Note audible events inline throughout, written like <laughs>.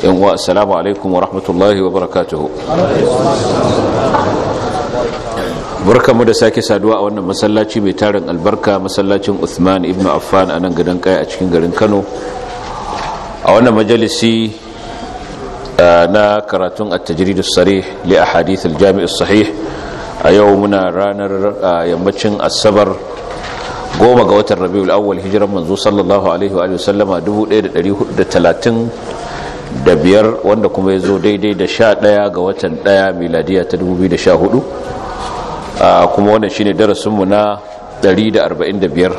yan uwa assalamu alaikum wa rahmatullahi wa barakatuhu barkamu da sake saduwa a wannan masallaci mai tarin albarka masallacin Uthman ibn Affan a nan gidan kai a cikin garin Kano a wannan majalisi na karatun at-tajrid as-sarih li ahadith al-jami' sahih a yau muna ranar yammacin asabar goma ga watan rabiul awwal hijiran manzo sallallahu alaihi wa sallama 1430 da biyar wanda kuma ya zo daidai da sha daya ga watan ɗaya miladiya ta da 2014 kuma wannan shine darasinmu na da da arba'in biyar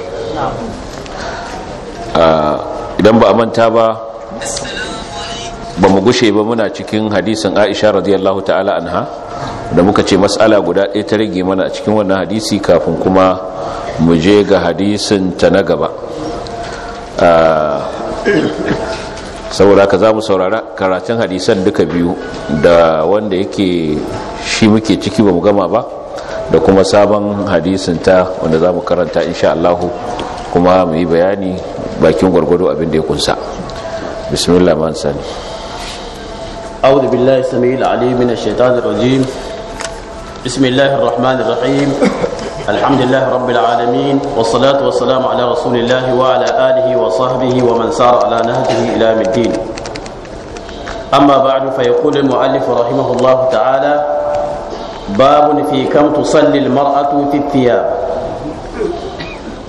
idan ba a manta ba ba mu gushe ba muna cikin hadisin aisha radiyallahu ta'ala anha da muka ce matsala guda ɗaya ta rage mana a cikin wannan hadisi kafin kuma mu je ga hadisin ta na gaba saboda ka za mu saurara karatun hadisan duka biyu da wanda yake shi muke ciki ba mu gama ba da kuma sabon hadisin ta wanda za mu karanta insha Allahu kuma mu yi bayani bakin gwargwado abin da ya kunsa bismillah man sani a'udhu billahi السميع alim minash الشيطان rajim bismillahir rahmanir rahim الحمد لله رب العالمين والصلاة والسلام على رسول الله وعلى آله وصحبه ومن سار على نهجه إلى الدين أما بعد فيقول المؤلف رحمه الله تعالى باب في كم تصلي المرأة في الثياب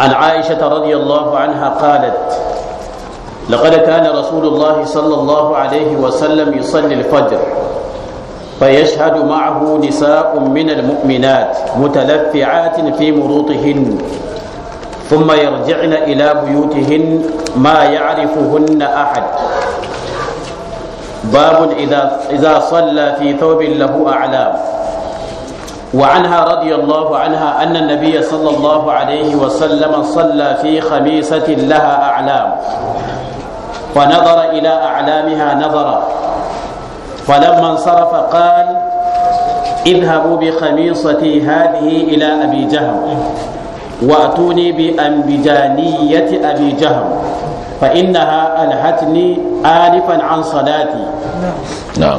عن عائشة رضي الله عنها قالت لقد كان رسول الله صلى الله عليه وسلم يصلي الفجر فيشهد معه نساء من المؤمنات متلفعات في مروطهن ثم يرجعن إلى بيوتهن ما يعرفهن أحد باب إذا, إذا صلى في ثوب له أعلام وعنها رضي الله عنها أن النبي صلى الله عليه وسلم صلى في خميسة لها أعلام فنظر إلى أعلامها نظرة فلما انصرف قال اذهبوا بخميصتي هذه إلى أبي جهم وأتوني بأنبجانية أبي جهم فإنها ألهتني آنفا عن صلاتي نعم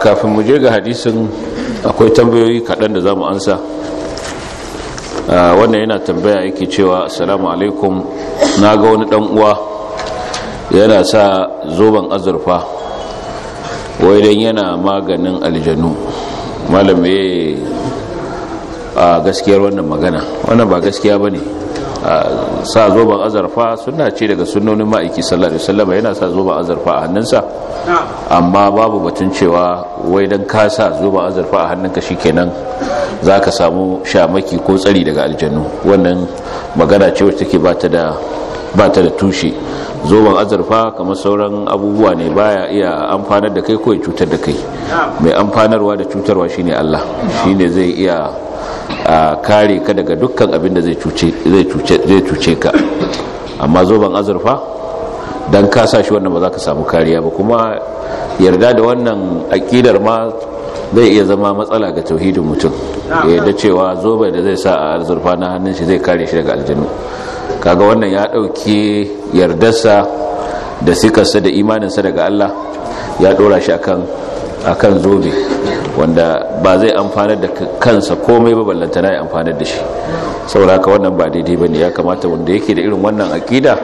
kafin mu je ga hadisin akwai tambayoyi kaɗan da za mu ansa wannan yana tambaya yake cewa assalamu alaikum na ga wani uwa yana sa zoben azurfa wai dan yana maganin aljanu malam a gaskiyar wannan magana wannan ba gaskiya bane sa zoben azarfa suna ce daga sunonin ma'aiki sallallahu alaihi yana sa zoben azarfa a hannunsa amma babu batun cewa wai dan ka sa zoben azarfa a hannun ka hannunka shikenan zaka samu shamaki ko tsari daga aljannu wannan magana ce wacce take bata da ba ta da tushe zoben azurfa kamar sauran abubuwa ne baya iya amfanar da kai ko ya cutar da kai mai amfanarwa da cutarwa shine Allah shine zai iya kare ka daga dukkan abin da zai cuce ka amma zoben azurfa dan ka sa shi wannan ba za ka samu kariya ba kuma yarda da wannan aƙidar ma zai iya zama matsala ga tauhidin mutum ya cewa zoben da zai sa a azurfa na hannun shi zai kare shi daga aljanu kaga wannan ya dauke yardarsa da sikarsa da imaninsa daga Allah ya dora shi akan zobe wanda ba zai amfanar da kansa komai ba na ya amfanar da shi sauraka wannan ba daidai ba ne ya kamata wanda yake da irin wannan akida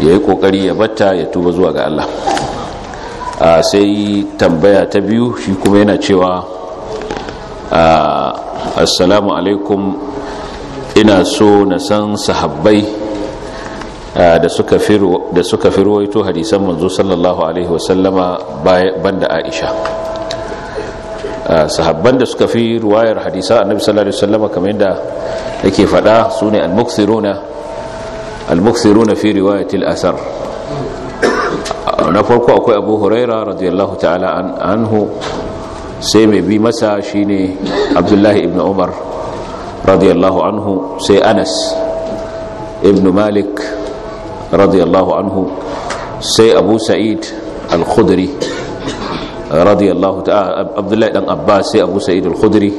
ya yi kokari ya batta ya tuba zuwa ga Allah sai tambaya ta biyu shi kuma yana cewa assalamu alaikum ina so na san sahabbai ah, da suka fi ruwaito hadisan manzo sallallahu alaihi wasallama banda aisha ah, sahabban da suka fi ruwayar hadisa annabi sallallahu alaihi wasallama kamar yadda yake fada su ne al-muksiruna al-muksiruna fi riwayatil asar na farko akwai abu huraira radiyallahu ta'ala anhu sai mai bi masa shine abdullahi ibn umar radiyallahu anhu sai anas ibn malik radiyallahu anhu sai abu sa'id al-khudri radiyallahu ta'ala abdullahi dan abbas sai abu sa'id al-khudri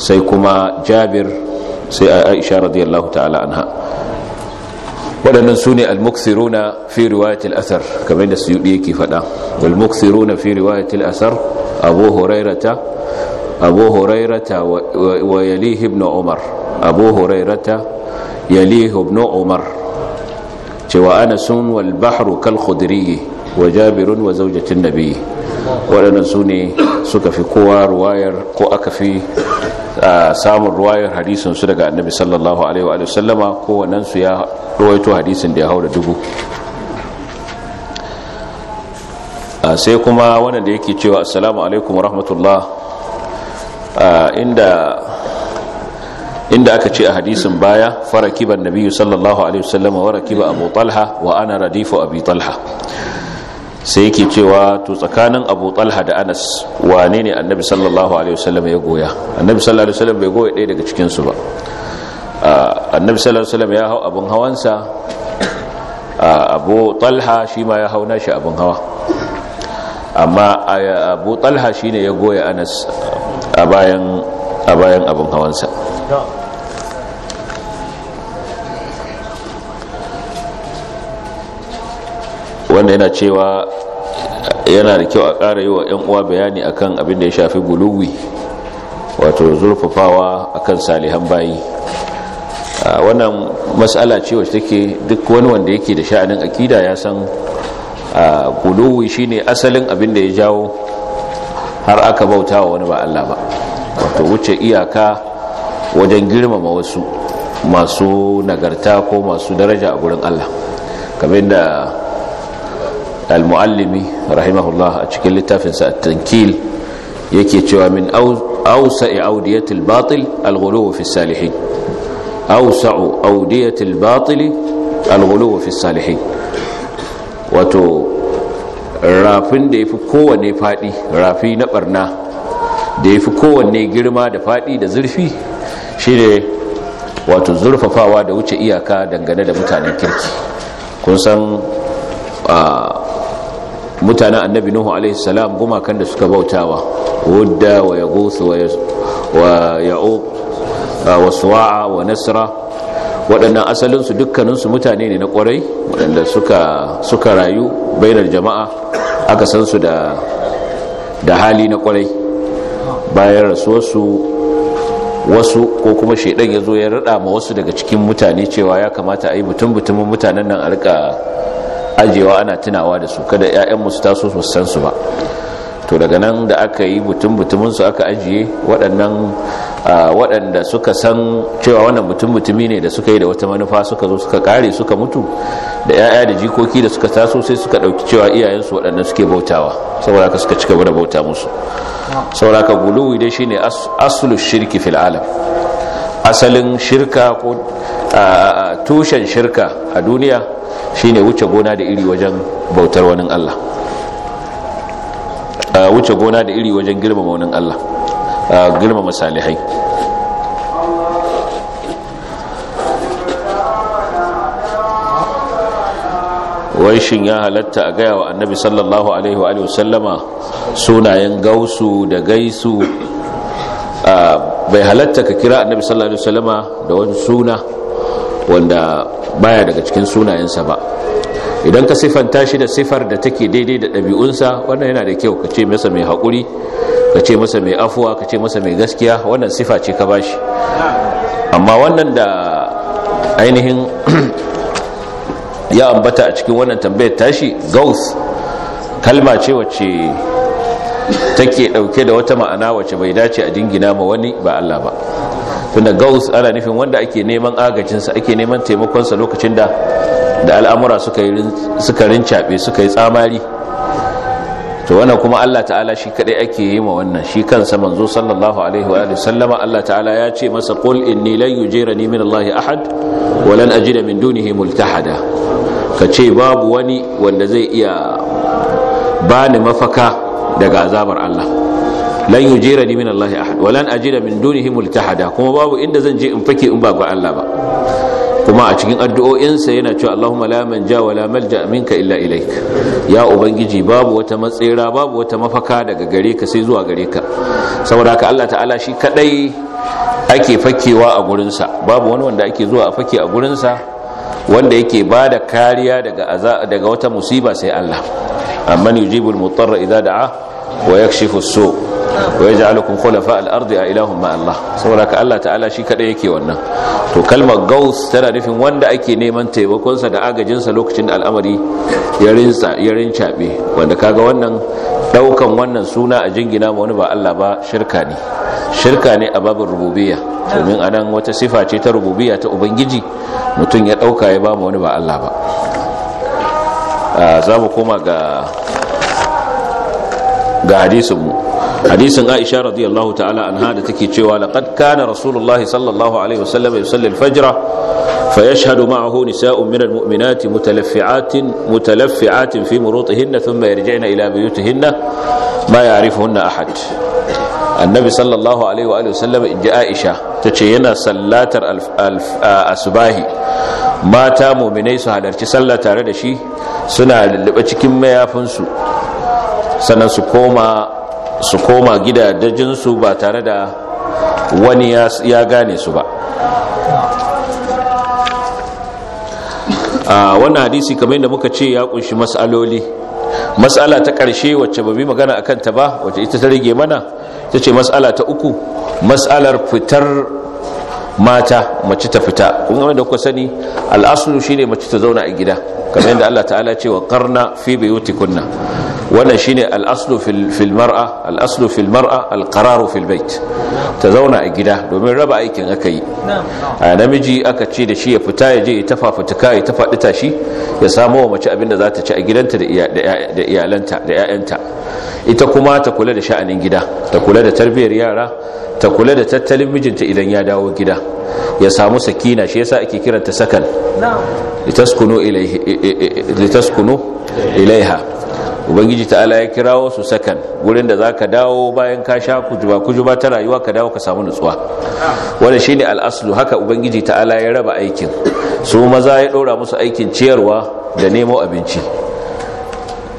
sai kuma jabir sai aisha radiyallahu ta'ala anha waɗannan su ne al-muksiruna fi riwayatil asar kamar da suyudi yake faɗa al-muksiruna fi riwayatil asar abu hurairata abu hurairata wa yalihi ibn umar abu hurairata yalihi ibn umar cewa anasun wal bahru kal khudri wa jabirun wa zawjatin nabi waɗannan su ne suka fi samun ruwayar hadisin daga annabi sallallahu alaihi wa sallama kowannen su ya ruwaito hadisin da ya hau da dubu sai kuma wanda yake cewa assalamu alaikum rahmatullah inda aka ce a hadisin baya farakiban nabiyyu sallallahu alaihi wasallam wa rakiba abu talha wa ana radifu abi talha sai yake cewa to tsakanin abu talha da anas wane ne annabi sallallahu alaihi wasallam ya goya annabi sallallahu alaihi wasallam bai goya ɗaya daga cikin su ba annabi sallallahu alaihi wasallam ya hau abun hawansa abu talha shi ma ya hau nashi abun hawa amma abu talha shine ya goya anas a bayan a bayan abin hawansa wanda yana cewa yana da kyau a ƙara yi wa 'yan uwa bayani akan abin da ya shafi guluwi wato zurfafawa akan salihan bayi wannan matsala ce wacce take duk wani wanda yake da sha'anin akida ya san guluwi shine asalin abin da ya jawo har aka bauta wa wani ba Allah ba wato wuce iyaka wajen girmama wasu masu nagarta ko masu daraja a gurin Allah kamar da al-muallimi rahimahullah a cikin littafinsa at-tankil yake cewa min awsa'i awdiyatil batil al-ghuluw fi salihin awsa'u awdiyatil batil al-ghuluw fi salihin wato rafin da ya fi kowane faɗi rafi na ɓarna da ya fi kowanne girma da faɗi da zurfi shi ne wato zurfafawa da wuce iyaka dangane da mutanen kirki kun san mutanen annabi nuhu alaihissalam gumakan da suka bautawa wadda wa ya gosu wa ya'uq wa suwa'a wa nasra waɗannan asalinsu dukkaninsu mutane ne na ƙwarai waɗanda suka rayu bainar jama'a aka san su da hali na ƙwarai bayan rasuwarsu wasu ko kuma shaidan ya zo ya rada ma wasu daga cikin mutane cewa ya kamata a yi mutum-mutumin mutanen nan a rika ajewa ana tunawa da su kada 'ya'yan su taso su san su ba to daga nan da aka yi mutum su aka ajiye waɗannan waɗanda suka san cewa wannan mutum mutumi ne da suka yi da wata manufa suka zo suka kare suka mutu da 'ya'ya da jikoki da suka taso sai suka ɗauki cewa iyayensu waɗannan suke bautawa saboda haka suka cika gaba da bauta musu saboda haka guluwi dai shine aslu shirki fil alam asalin shirka ko tushen shirka a duniya shine wuce gona da iri wajen bautar wani Allah wuce gona da iri wajen girmama maunin Allah girmama masalihai wai shin ya halatta a gaya wa annabi sallallahu alaihi wa sallama sunayen gausu da gaisu bai halatta ka kira annabi sallallahu alaihi wa sallama da wani suna wanda baya daga cikin sunayensa ba idan ka sifanta shi da sifar da take daidai da ɗabi'unsa wannan yana da kyau ka ce masa mai haƙuri ka ce masa mai afuwa ka ce masa mai gaskiya wannan sifa ce ka bashi amma wannan da ainihin <clears throat> ya ambata a cikin wannan tambayar tashi gauss kalma ce wacce take ɗauke da wata ma'ana wacce bai dace a dingina ma wani ba Allah ba tunda gauss ana nufin wanda ake neman agajinsa ake neman taimakonsa lokacin da da al'amura suka rincaɓe suka yi tsamari to wannan kuma Allah ta'ala shi kadai ake yi ma wannan shi kansa manzo sallallahu alaihi wa sallama Allah ta'ala ya ce masa qul inni lan yujirani min Allah ahad wa lan ajida min dunihi multahada ce babu wani wanda zai iya bani mafaka daga azabar Allah lan yujirani min Allah ahad wa lan ajida min dunihi multahada kuma babu inda zan je in fake in ba ga Allah ba kuma a cikin addu'o'insa yana cewa Allahumma la manja wa la malja minka illa ilaik ya ubangiji babu wata matsira babu wata mafaka daga gare ka sai zuwa gare ka saboda ka Allah ta'ala shi kadai ake fakewa a gurinsa babu wani wanda ake zuwa a fake a gurinsa wanda yake ba da kariya daga wata musiba sai Allah amman yujibul mutarra idza da'a wa yakshifu su wa ya yaj'alukum khulafa al-ardi a ilahun ma Allah saboda ka Allah ta'ala shi kada yake wannan to kalmar gaus tana nufin wanda ake neman taimakon sa da agajin sa lokacin da al'amari ya rinsa ya rincabe wanda kaga wannan daukan wannan suna a jingina ma wani ba Allah ba shirka ne shirka ne a babin rububiyya domin anan wata sifa ce ta rububiyya ta ubangiji mutum ya dauka ya ba wani ba Allah ba ah, za mu koma ga ga mu. hadisin aisha radiyallahu ta'ala anha da take cewa laqad kana rasulullahi sallallahu alaihi wasallam yusalli al-fajr fa yashhadu ma'ahu nisa'un min al-mu'minati mutalaffi'atin mutalaffi'atin fi murutihinna thumma yarji'na ila buyutihinna ma ya'rifuhunna ahad annabi sallallahu alaihi wa alihi wasallam ji aisha tace yana sallatar asbahi mata mu'minai su halarci sallah tare da shi suna lullube cikin mayafinsu sannan su koma su koma gidajensu ba tare da wani ya gane su ba a wannan hadisi kamar yadda muka ce ya kunshi matsaloli matsala ta ƙarshe wacce ba bi magana a kanta ba wacce ita ta rage mana ta ce matsala ta uku Mas'alar fitar mata mace ta fita kun game da kuka sani al'asulu shine mace ta zauna a gida kamar yadda Allah ta'ala ce wa karna fi kunna? wannan shine al'aslu fil mar'a al'aslu fil mar'a fil bait ta zauna a gida domin raba aikin aka yi a namiji aka ce da shi ya fita ya je ya tafa ya tafa dita shi ya samo wa mace abin da za ta ci a gidanta da iyalanta da ƴaƴanta ita kuma ta kula da sha'anin gida ta kula da tarbiyyar yara ta kula da tattalin mijinta idan ya dawo gida ya samu sakina shi yasa ake kiranta sakan litaskunu ilaiha ubangiji ta'ala ya kirawo su sakan wurin da za ka dawo bayan ka sha kujuba kujuba ta rayuwa ka dawo ka samu nutsuwa wanda shine al'aslu haka ubangiji ta'ala ya raba aikin su maza ya dora musu aikin ciyarwa da nemo abinci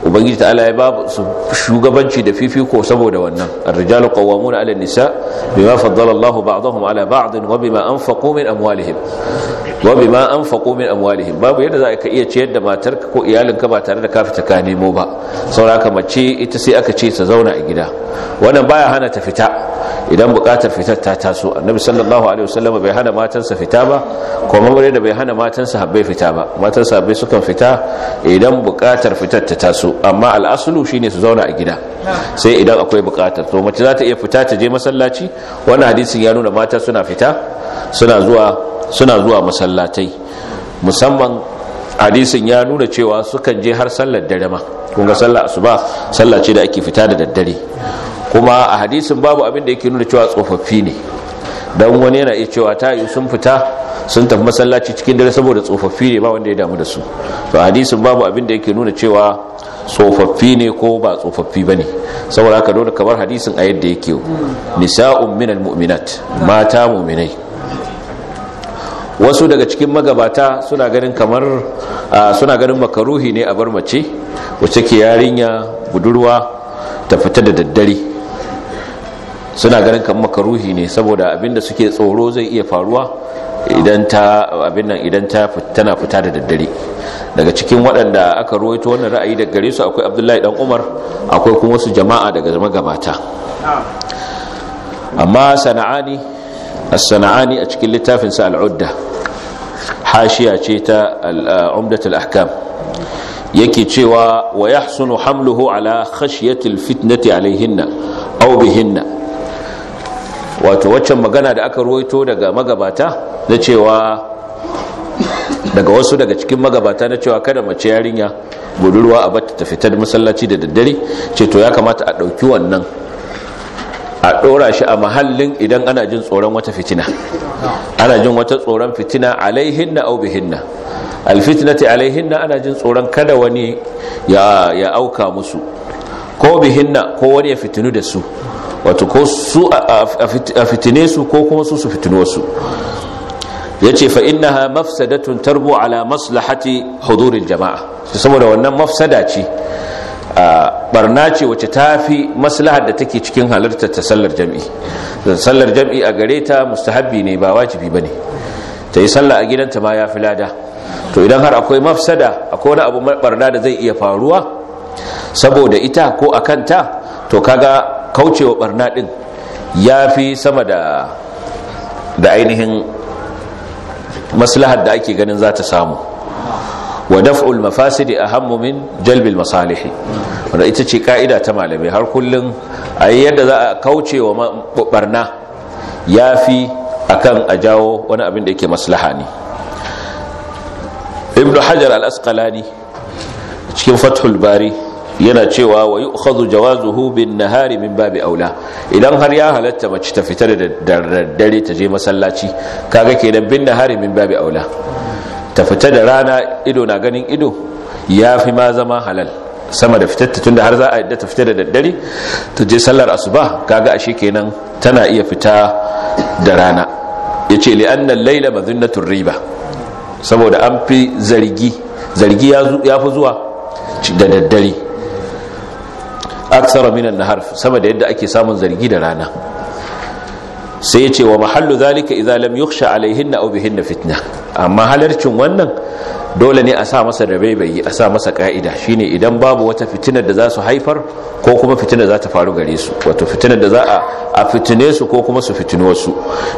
ubangiji ta'ala ya babu shugabanci da fifiko saboda wannan ar-rijalu qawwamuna 'ala nisa bima faddala Allahu ba'dahum 'ala ba'd wa bima anfaqu min amwalihim wa bima anfaqu min amwalihim babu yadda za ka iya ciyar da matarka ko iyalinka ba tare da ka fita ka nemo ba saboda mace ita sai aka ce ta zauna a gida wannan baya hana ta fita idan bukatar fitar ta taso annabi sallallahu alaihi wasallam bai hana matansa fita ba kuma bare da bai hana matansa habbai fita ba matansa bai sukan fita idan bukatar fitar ta taso amma al'asulu shine su zauna a gida sai idan akwai bukatar to mace za ta iya fita ta je masallaci wannan hadisin ya nuna mata suna fita suna zuwa suna zuwa masallatai musamman hadisin ya nuna cewa sukan je har sallar dare ma kun ga sallar asuba sallaci da ake fita da daddare kuma a hadisin babu abin da yake nuna cewa tsofaffi ne don wani yana iya cewa ta yi sun fita sun tafi masallaci cikin dare saboda tsofaffi ne ba wanda ya damu da su to hadisin babu abin da yake nuna cewa tsofaffi ne ko ba tsofaffi ba ne saboda haka dole kamar hadisin a yadda yake nisa'un minal mu'minat mata mu'minai wasu daga cikin magabata suna ganin kamar suna ganin makaruhi ne a bar mace wacce ke yarinya budurwa ta fita da daddare suna ganin kan makaruhi ne saboda abinda suke tsoro zai iya faruwa idan ta ta tana fita da daddare daga cikin waɗanda aka ruwaito wannan ra'ayi daga gare su akwai Abdullahi dan Umar akwai kuma wasu jama'a daga magabata amma sana'ani as-sana'ani a cikin littafin sa al hashiya ce ta al-umdat al-ahkam yake cewa wa yahsunu hamluhu ala khashyati al-fitnati alaihinna aw bihinna wato waccan magana da aka ruwaito daga magabata na cewa daga wasu daga cikin magabata na cewa kada mace yarinya budurwa a bata ta fitar masallaci da daddare ce to ya kamata a ɗauki wannan a ɗora shi a mahallin idan ana jin tsoron wata fitina ana jin wata tsoron fitina alaihin na au bihinna alaihin na ana jin tsoron kada wani ya auka musu ko bihinna ko wani ya fitinu da su wato ko su a fitine su ko kuma su su fitini wasu ya ce fa innaha mafsadatun tarbu ala maslahati hudurin jama'a saboda wannan mafsada ce barna ce wacce ta fi maslahar da take cikin halartar ta sallar jam'i sallar jam'i a gare ta mustahabbi ne ba wajibi ba ne ta yi sallah a gidanta ma ya fi lada to idan har akwai mafsada akwai wani abu barna da zai iya faruwa saboda ita ko a kanta to kaga kaucewa barna din ya fi sama da da ainihin maslahar da ake ganin za ta samu wa daf'ul mafasidi ahammu min jalbil masalihi wanda ita ce ka'ida ta malamai har kullum a yadda za a kauce wa barna ya fi akan a jawo wani abin da yake maslaha ne ibnu hajar al-asqalani cikin fathul bari yana cewa wa yu'khadhu jawazuhu bin nahari min babi aula idan har ya halatta mace ta fita da dare ta je masallaci kaga kenan bin harimin min babi aula ta fita da rana ido na ganin ido ya fi ma zama halal sama da fitar da har za a yadda ta fita da daddare ta je sallar asuba kaga ashe kenan tana iya fita da rana yace li anna al-layla riba saboda an fi zargi zargi ya fi zuwa da daddare aksara minan harf sama da yadda ake samun zargi da rana sai ya ce wa mahallu zalika izalam yuksha yukhsha na aw bihinna fitna amma halarcin wannan dole ne a sa masa da baibayi a sa masa ka'ida shine idan babu wata fitinar da za su haifar ko kuma fitinar za ta faru gare su wato fitinar da za a fitine su ko kuma su fitini wasu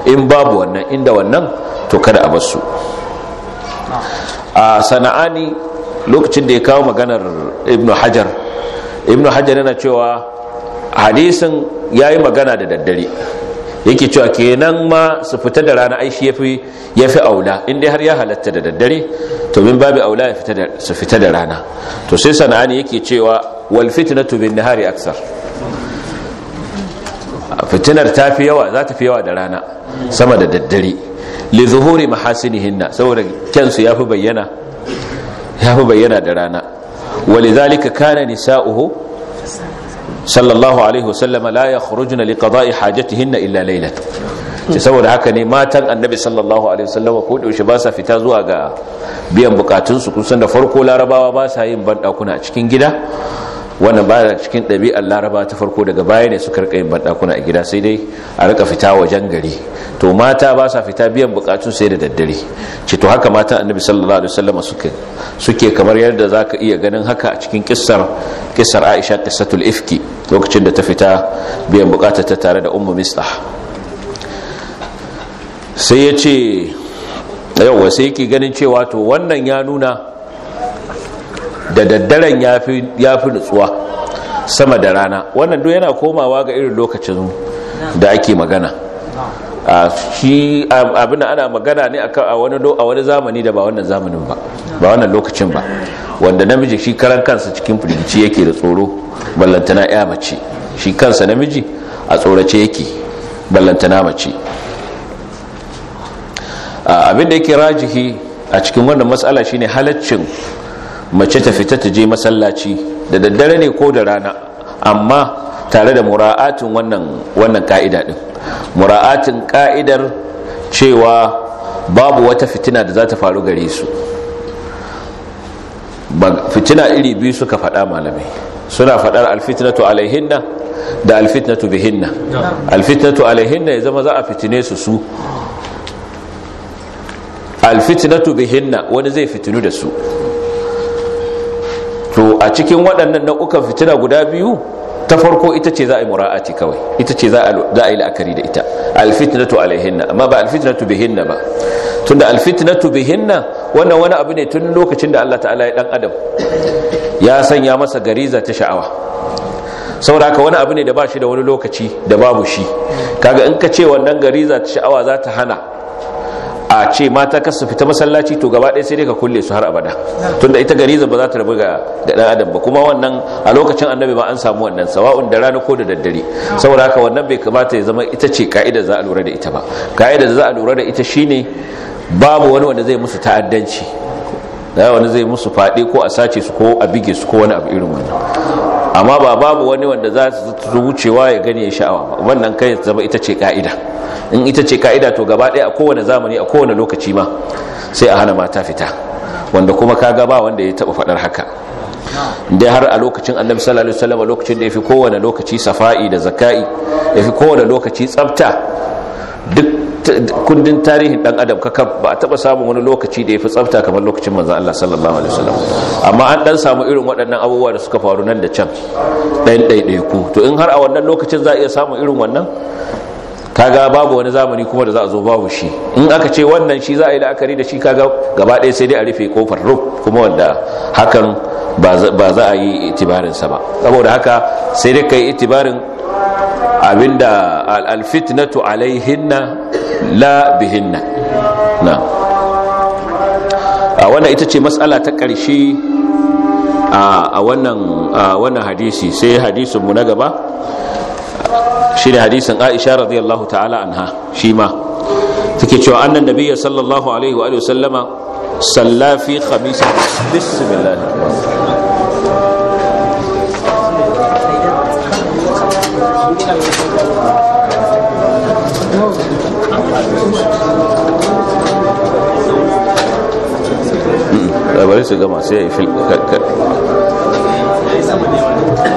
in babu wannan inda wannan to kada a basu a sana'ani lokacin da ya kawo maganar ibnu hajar ibnu hajar yana cewa hadisin ya yi magana da daddare yake cewa kenan ma su fita da rana aishi ya fi aula in dai har ya halatta da daddare to min babu aula su fita da rana to sai sana'ani yake cewa wal to bin nahari aksar fitinar ta fi yawa za ta fi yawa da rana sama da daddare li zuhuri mahasinihinna saboda kyansu ya ya fi bayyana da rana ولذلك كان نساؤه صلى الله عليه وسلم لا يخرجن لقضاء حاجتهن إلا ليلة saboda haka ne matan annabi sallallahu alaihi wasallam ko da ba sa fita zuwa ga biyan bukatun su kusan da farko larabawa ba sa yin bandakuna a cikin gida wannan ba cikin ɗabi'ar laraba ta farko daga baya ne suka rika yin bandakuna a gida sai dai a rika fita wajen gari to mata ba sa fita biyan bukatun sai da daddare ce to haka matan annabi sallallahu alaihi wasallam suke suke kamar yadda zaka iya ganin haka a cikin kissar kissar Aisha qissatul ifki lokacin da ta fita biyan bukatar ta tare da ummu mislah sai yace yawa sai yake ganin cewa to wannan ya nuna da daddaren ya fi nutsuwa sama da rana wannan duk yana komawa ga irin lokacin da ake magana a shi abin da ana magana ne a wani zamani da ba wannan zamanin ba ba wannan lokacin ba wanda namiji shi karan kansa cikin firgici yake da tsoro ballantana ya mace shi kansa namiji a tsorace yake ballantana mace abin da yake rajihi a cikin wannan matsala shine halaccin mace ta fita ta je masallaci da daddare ne ko da rana amma tare da mura'atin wannan wannan ka'ida din mura'atin ka'idar cewa babu wata fitina da za ta faru gare su fitina iri biyu suka faɗa malamai suna faɗar alfitnatu alaihinna da alfitnatu bihinna alfitnatu alaihinna ya zama za a fitine su su alfitnatu bihinna wani zai fitinu da su a cikin waɗannan nau'ukan fitina guda biyu ta farko ita ce za a yi mura'ati kawai ita ce za a yi la'akari da ita alfitinatu alaihinna amma ba alfitinatu bihinna ba tunda alfitinatu bihinna wannan wani abu ne tun lokacin da Allah ta'ala ya dan adam ya sanya masa gariza ta sha'awa saboda haka wani abu ne da ba shi da wani lokaci da babu shi kaga in ka ce wannan gari za ta sha'awa za ta hana a ce mata kasu fita masallaci to gaba ɗaya sai dai ka kulle su har abada tunda ita gariza ba za ta rabu ga ɗan adam ba kuma wannan a lokacin annabi ba an samu wannan sawa'un da rana ko da daddare saboda haka wannan bai kamata ya zama ita ce ka'ida za a lura da ita ba ka'ida da za a lura da ita shine babu wani wanda zai musu ta'addanci da wani zai musu faɗi ko a sace su ko a bige su ko wani abu irin wannan amma ba babu wani wanda za su wucewa ya gani ya sha'awa wannan kai zama ita ce ka'ida in ita ce ka'ida to gaba daya a kowane zamani a kowane lokaci ma sai a hana mata fita wanda kuma ka gaba wanda ya taba fadar haka dai har a lokacin annabi sallallahu alaihi wasallam lokacin da yafi kowane lokaci safa'i da zakai yafi kowane lokaci tsafta duk kundin tarihin dan adam kaka ba a taba samun wani lokaci da yafi tsafta kamar lokacin manzo Allah sallallahu alaihi wasallam amma an dan samu irin waɗannan abubuwa da suka faru nan da can ɗayan ɗaiɗaiku to in har a wannan lokacin za a iya samun irin wannan kaga babu wani zamani kuma da za a zo babu shi in aka ce wannan shi za a yi la'akari da shi kaga gaba ɗaya sai dai a rufe kofar ruf kuma wanda hakan ba za a yi itibarinsa ba saboda haka sai dai ka itibarin abinda alfitnatu alaihinna la bihinna na a wannan ita ce matsala ta ƙarshe a wannan hadisi sai mu na gaba shi ne hadisin aisha radiyallahu ta'ala anha shi ma take cewa annan nabiyya sallallahu alaihi wa sallama sallafi fi khamisa bismillah hmm, bari su gama sai ya yi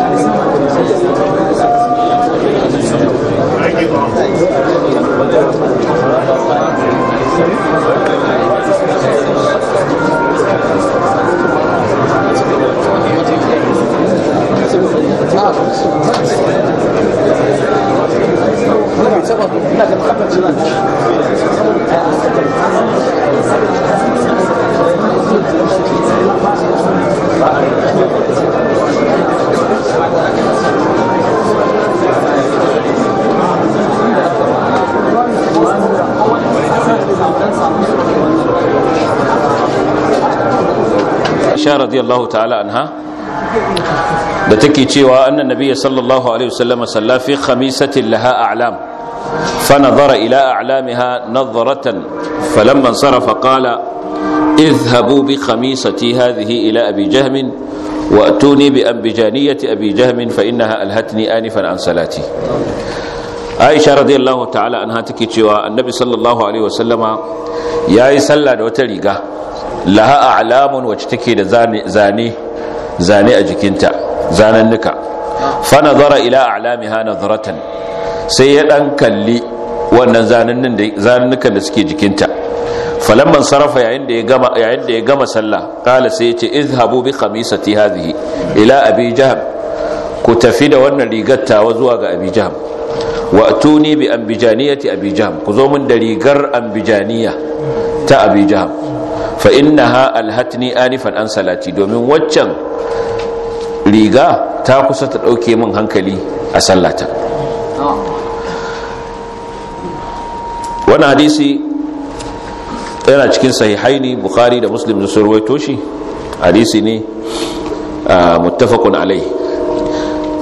عائشة رضي الله تعالى عنها da take cewa annan nabiyyi sallallahu alaihi wasallam salla fi khamisatin laha a'lam فنظر إلى أعلامها نظرة فلما انصرف قال اذهبوا بخميصتي هذه إلى أبي جهم وأتوني بأنبجانية أبي جهم فإنها ألهتني آنفا عن صلاتي aisha radiyallahu ta'ala anha take cewa annabi sallallahu alaihi wasallama yayi sallah da wata riga laha a'lamun wacce take da zane zane a jikinta zanannuka fana nazara ila a'lamiha nazaratan sai ya dan kalli wannan zanannukan da suke jikinta falamman sarrafa yayin da ya gama sallah kala sai yace izhabu bi khamisati hazihi?" ila abi jaham ku tafi da wannan rigar tawa zuwa ga abi jaham wa atuni bi ambijaniyati abi jaham ku zo min da rigar ambijaniya ta abi jaham fa ha alhatni anifan an salati domin waccan riga ta kusa ta dauke min hankali a sallata Wani hadisi yana cikin sahihaini bukhari da muslim da surwai toshi hadisi ne muttafaqun alai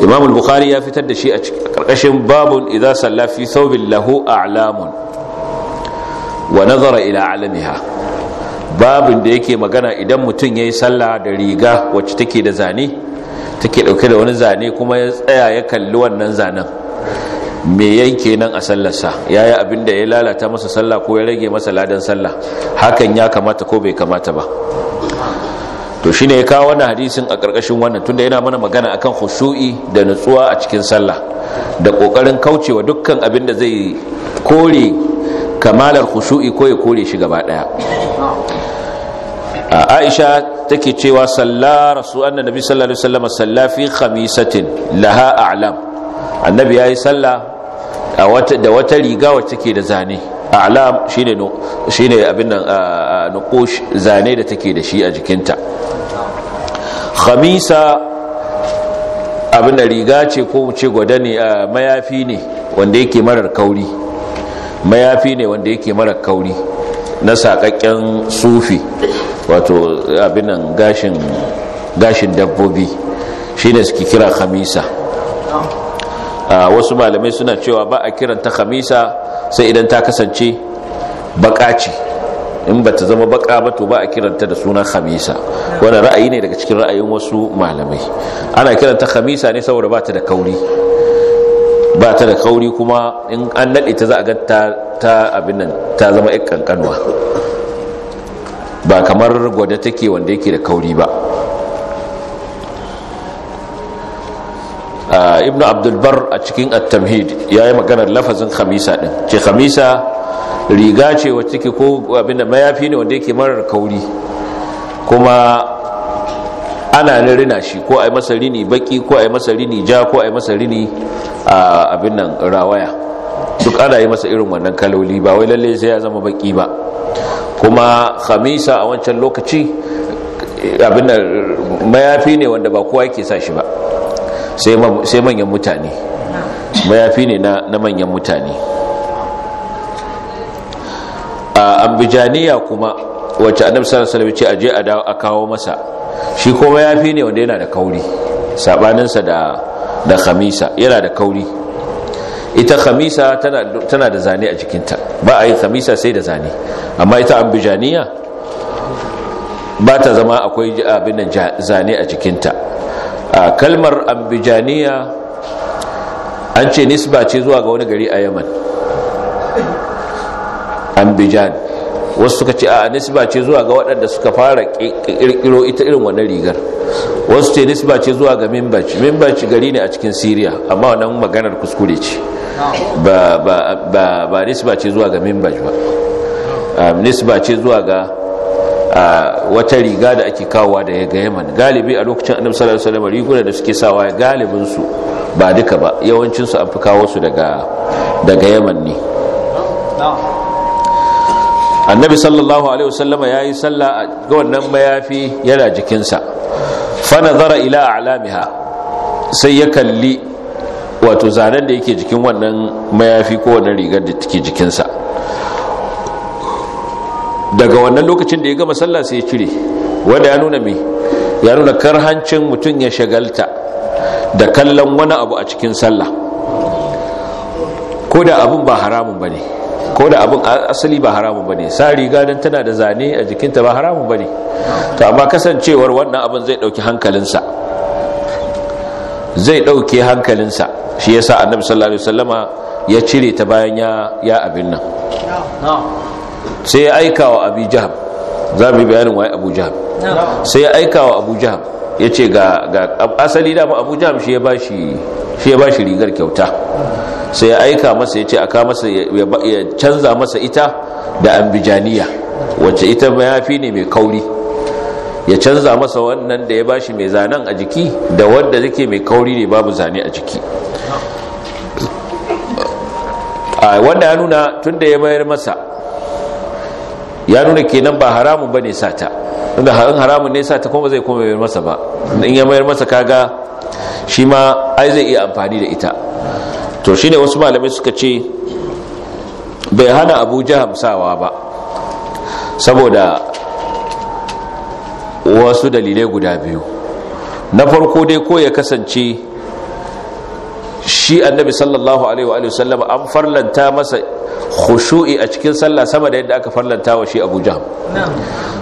imam bukhari ya fitar da shi a karkashin babun idan Sallafi saubin lahu a a'lamun wa nazara ila alamiha babin da yake magana idan mutum ya yi sallah da riga wacce take da zane take dauke da wani zane kuma ya tsaya ya kalli wannan zanen me yanke nan a sallarsa ya yi abin da ya lalata masa sallah ko ya rage masa ladan sallah hakan ya kamata ko bai kamata ba to shi ne ya kawo wannan hadisin a ƙarƙashin wannan tunda yana mana magana akan khushu'i da nutsuwa a cikin sallah da ƙoƙarin kaucewa dukkan abin da zai kore kamalar khushu'i ko ya kore shi gaba ɗaya aisha take cewa salla rasu an nabi sallallahu alaihi wasallam salla fi khamisatin laha a'lam annabi yayi salla da wata riga wacce take da zane a'lam shine shine abin nan nuqush zane da take da shi a jikinta khamisa abin da riga ce ko mu ce gwada ne mayafi ne wanda yake marar kauri mayafi ne wanda yake marar kauri na saƙaƙƙen sufi wato abinan gashin dabbobi shine suke kira khamisa ah, wasu malamai suna cewa ba a kiranta khamisa sai idan ta kasance baka ce in ba ta zama baka ba to ba a kiranta da sunan khamisa wani ra'ayi ne daga cikin ra'ayin wasu malamai ana kiranta khamisa ne saboda ba ta da kauri ba ta da kauri kuma in an naɗe ta za a ga ta abin nan ta zama yan kankanwa ba kamar gwada take wanda yake da kauri ba ah, Abdul abdulbar a cikin at-tamhid ya yi maganar lafazin khamisa din ce khamisa riga ce wacce take ko abin da mayafi ne wanda yake marar kauri kuma ana rina shi ko ai masa rini baki ko ai masa rini ja ko ai masa rini a abin nan rawaya duk ana yi masa irin wannan kaloli ba wai lalle sai ya zama baki ba kuma khamisa a wancan lokaci abin nan mayafi ne wanda ba kowa yake sa shi ba sai manyan mutane mayafi ne na manyan mutane a ambijaniya kuma wacce annabi sallallahu alaihi wasallam ce aje a dawo a kawo masa shi kuma fi ne wanda yana da kauri sabaninsa da da khamisa yana da kauri ita khamisa tana da zane a jikinta ba a yi khamisa sai da zane amma ita ambijaniya ba ta zama akwai abin zane a jikinta kalmar ambijaniya an ce nisba ce zuwa ga wani gari a yaman ambijan wasu suka ce a nisba ce zuwa ga waɗanda suka fara ƙirƙiro ita irin wannan rigar wasu ce nisba ce zuwa ga mimbaci mimbaci gari ne a cikin Siriya amma wannan maganar kuskure ce ba nisba ce zuwa ga mimbaci ba nisba ce zuwa ga um, uh, wata riga da ake kawowa da ya ga yaman galibi a lokacin annabi sallallahu alaihi wasallam riguna da suke sawa galibin su ba duka ba yawancin an fi kawo su daga daga yaman ne annabi sallallahu alaihi ya yi sallah ga wannan mayafi yana jikinsa fa nazara ila alamiha sai ya kalli wato zanen da yake jikin wannan mayafi ko wannan rigar da take jikinsa daga wannan lokacin da ya gama sallah sai ya cire wanda ya nuna me ya nuna karhancin mutum ya shagalta da kallon wani abu a cikin sallah ko da abun ba haramun bane ne ko da abin asali ba haramun bane sa riga don tana da zane a jikinta ba haramun bane to amma kasancewar wannan abin zai dauki hankalinsa zai dauke hankalinsa shi yasa annabi sallallahu alaihi wasallama ya cire ta bayan ya ya abin nan sai ya aika wa abu jahab za mu yi bayanin wa abu jahab sai ya aika wa abu jahab ya ce ga asali dama abu jahab shi ya ba shi rigar kyauta sai ya aika masa ya ce aka masa ya canza masa ita da ambijaniya wacce ita mayafi ne mai kauri ya canza masa wannan da ya bashi mai zanen a jiki da wanda zake mai kauri ne babu zane a jiki wanda ya nuna tun da ya mayar masa ya nuna kenan ba haramun ba ne sata inda in haramun ne sata kuma zai kuma mayar masa ba in ya mayar masa kaga shi ma ai zai iya amfani da ita to ne wasu malamai suka ce bai hana abu hamsawa ba saboda wasu dalilai guda biyu na farko dai ko ya kasance shi annabi sallallahu alaihi wa sallam an farlanta masa khushu'i a cikin sallah sama da yadda aka farlanta wa shi abu jiham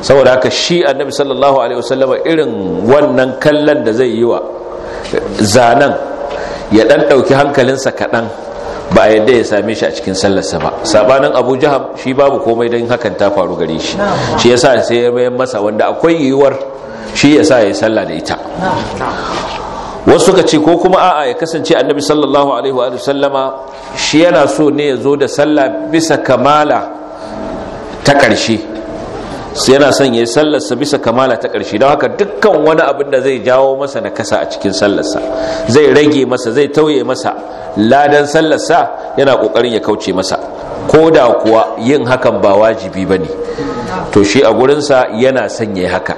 saboda haka shi annabi sallallahu alaihi wa sallam irin wannan kallon da zai yi wa zanen ya dan dauki hankalinsa kaɗan ba a yadda ya same shi a cikin sallarsa ba sabanin abu jahab shi babu komai don hakan ta faru gare shi shi ya yasa sai ya bayan masa wanda akwai yiwuwar shi ya sa ya yi sallah da ita wasu suka ce ko kuma a'a ya kasance annabi sallallahu alaihi wa sallama shi yana so ne ya zo da sallah bisa kamala ta ƙarshe sai yana son ya yi sallarsa bisa kamala ta ƙarshe don haka dukkan wani abin da zai jawo masa na kasa a cikin sallarsa zai rage masa zai tauye masa ladan sallarsa yana ƙoƙarin ya kauce masa ko da kuwa yin hakan ba wajibi ba ne to shi a gurinsa yana son ya yi haka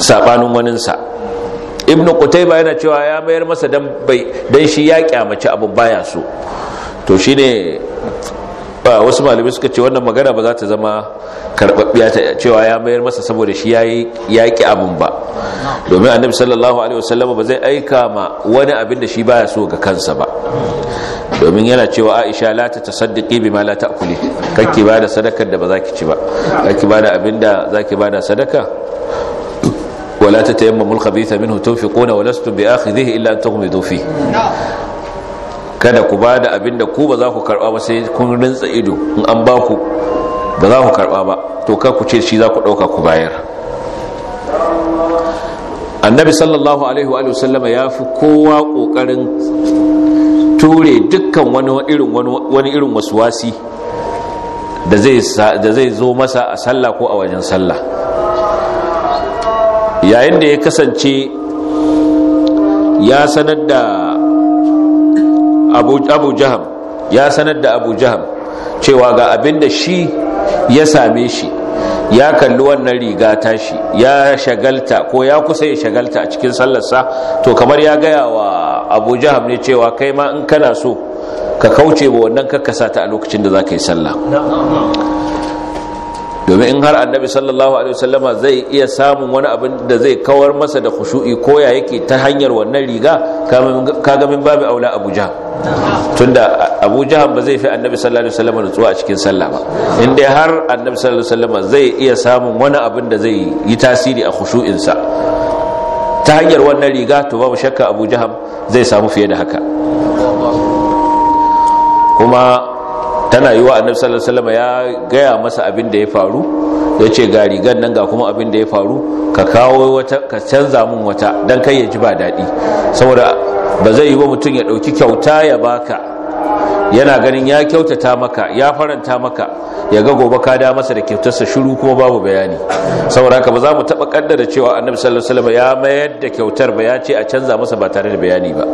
saɓanin waninsa kutai kutaiba yana cewa ya mayar masa don shi ya kyamaci abin baya so to shi ne. wasu malamai suka ce wannan magana ba za ta zama karɓaɓɓiya ta cewa ya mayar masa saboda shi yayi yaki abin ba domin annabi sallallahu alaihi wasallam ba zai aika ma wani abin da shi baya so ga kansa ba domin yana cewa Aisha la ta tasaddiqi bima la ta'kuli kake ba da sadakar da ba za ki ci ba kake ba da abin da za ki ba da sadaka ولا kona الخبيث منه تنفقون Zai بآخذه إلا أن تغمضوا فيه kada ku ba da abin da ku ba za ku karba ba sai kun rintsa ido in an ba ku ba za ku karba ba to ka ku ce shi za ku ɗauka ku bayar annabi sallallahu alaihi wa sallama ya fi kowa ƙoƙarin ture dukkan wani irin wani irin wasuwasi da zai zo masa a sallah ko a wajen sallah yayin da ya kasance ya sanar da abu jaham ya sanar da abu jaham cewa ga abin da shi ya same shi ya kalli wannan riga tashi ya shagalta ko ya kusa ya shagalta a cikin sallarsa to kamar ya gaya wa abu jaham ne cewa kai ma in kana so ka kauce wa wannan kakkasa ta a lokacin da za ka yi sallah domin in har annabi sallallahu alaihi wasallama zai iya samun wani abin da zai kawar masa da khushu'i ko ya yake ta hanyar wannan riga kaga min babu aula abuja tunda abuja ba zai fi annabi sallallahu alaihi wasallama nutsuwa a cikin sallah ba in dai har annabi sallallahu alaihi wasallama zai iya samun wani abin da zai yi tasiri a sa ta hanyar wannan riga to babu shakka abu zai samu fiye da haka kuma tana yi wa annabi sallallahu alaihi ya gaya masa abin da ya faru yace ga rigan nan ga kuma abin da ya faru ka kawo wata ka canza mun wata dan kai ya ji ba daɗi saboda ba zai yi ba mutum ya ɗauki kyauta ya baka yana ganin ya kyautata maka ya faranta maka ya ga gobe ka da masa da kyautarsa shiru kuma babu bayani saboda haka ba za mu taba kaddara cewa annabi sallallahu alaihi wasallam ya mayar da kyautar ba ya ce a canza masa ba tare da bayani ba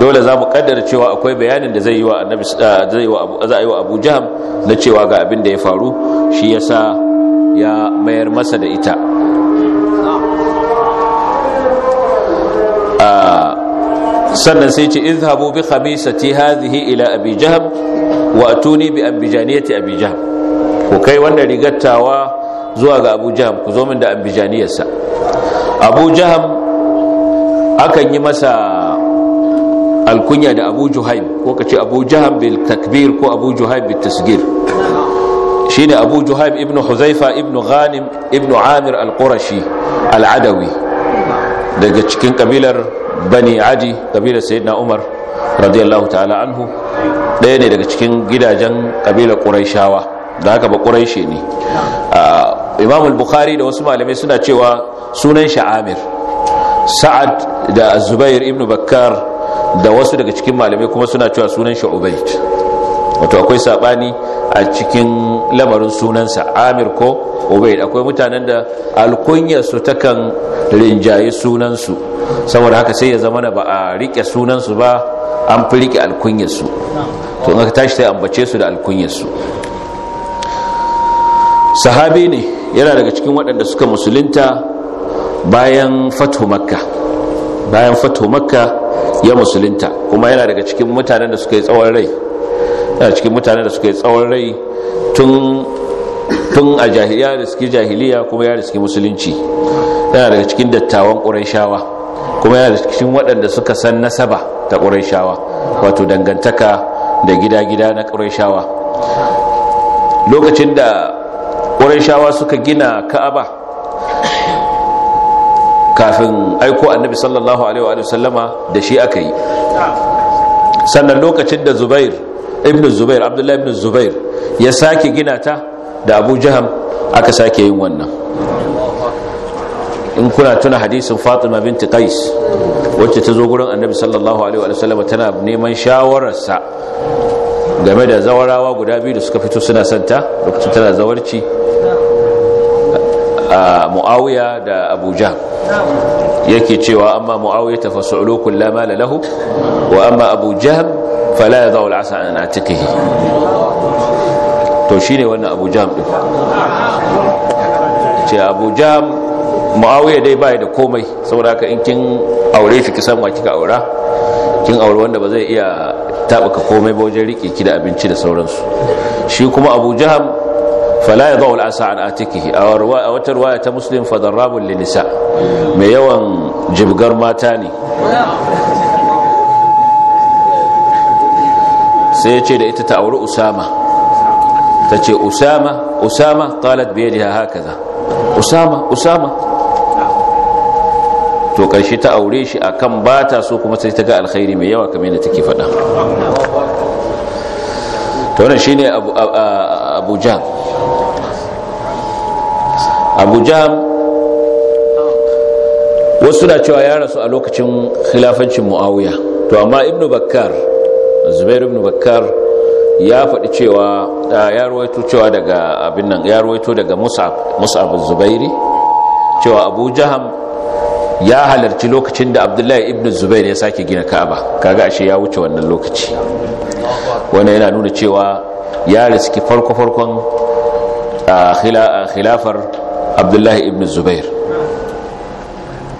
dole za mu kaddara cewa akwai bayanin da zai yi wa annabi eh, zai wa za yi wa Abu Jahm na cewa ga abin da ya faru shi yasa ya mayar masa da ita ah, sannan sai ce izhabu bi khamisati hadhihi ila abi jahab wa atuni bi ambijaniyati abi jahab ku kai wannan rigattawa zuwa ga abu jahab ku zo min da ambijaniyarsa abu jahab akan yi masa alkunya da abu juhaim ko ka ce abu jahab bil takbir ko abu juhaim bil tasgir shine abu juhaim ibnu huzaifa ibnu ghanim ibnu amir al-qurashi al-adawi daga cikin kabilar bani adi kabilar sayyidina umar radiyallahu ta'ala anhu ɗaya ne daga cikin gidajen kabilar quraishawa da haka ba quraishi ne imam al-bukhari da wasu malamai suna cewa sunan shi amir sa'ad da zubair ibn bakkar da wasu daga cikin malamai kuma suna cewa sunan shi ubaid wato akwai sabani a cikin lamarin sunansa amir ko ubaid akwai mutanen da alkunyarsu kan rinjaye sunansu saboda haka sai ya zama na ba a rike sunansu ba an fi rike alkunyarsu to in aka tashi sai ambace su da alkunyarsu sahabi ne yana daga cikin waɗanda suka musulunta bayan fatu makka bayan fatu makka ya musulunta kuma yana daga cikin mutanen da suka yi tsawon rai yana cikin mutane da suka yi tsawon rai tun a jahiliya da suke jahiliya kuma ya da suke musulunci yana daga cikin dattawan ƙuraishawa kuma yana da cikin waɗanda suka san nasaba ta ƙuraishawa wato dangantaka da gida-gida na ƙuraishawa lokacin da ƙuraishawa suka gina ka'aba kafin aiko annabi sallallahu alaihi wa sallama da shi aka yi sannan lokacin da zubair ibn zubair abdullahi ibn zubair ya sake gina ta da abu jaham aka sake yin wannan in kuna tuna hadisin fatima binti qais wacce ta zo gurin annabi sallallahu alaihi wa sallam tana neman shawararsa game da zawarawa guda biyu da suka fito suna santa lokacin tana zawarci a muawiya da abu yake cewa amma muawiya ta fasu'ulu kullama lahu wa amma abu fala ya zaul asa an atiqihi to shine wannan Abu Jam din ce Abu Jam Muawiya dai bai da komai saboda ka in kin aure shi ki samu kika aura kin aure wanda ba zai iya ka komai ba wajen rike ki da abinci da sauransu shi kuma Abu jam fala ya zaul asa an atiqihi a wata ruwaya ta Muslim fadarrabul linisa mai yawan jibgar mata ne sai ya ce da ita ta auri usama ta ce usama usama talat biye da hakaza usama usama to karshe ta aure shi akan ba ta so kuma sai ta ga alkhairi mai yawa kamar yadda take faɗa to wannan shine abu abu abuja wasu na cewa ya rasu a lokacin khilafancin muawiya to amma ibnu bakkar zubairu ibn bakar ya faɗi cewa ya ruwaito cewa daga abin nan ya ruwaito daga mus'ab mus'ab zubairi cewa abu jaham ya halarci lokacin da abdullahi ibn zubair ya sake gina ka'aba kaga ashe ya wuce wannan lokaci wannan yana nuna cewa ya riski farko-farkon khilafar abdullahi ibn zubair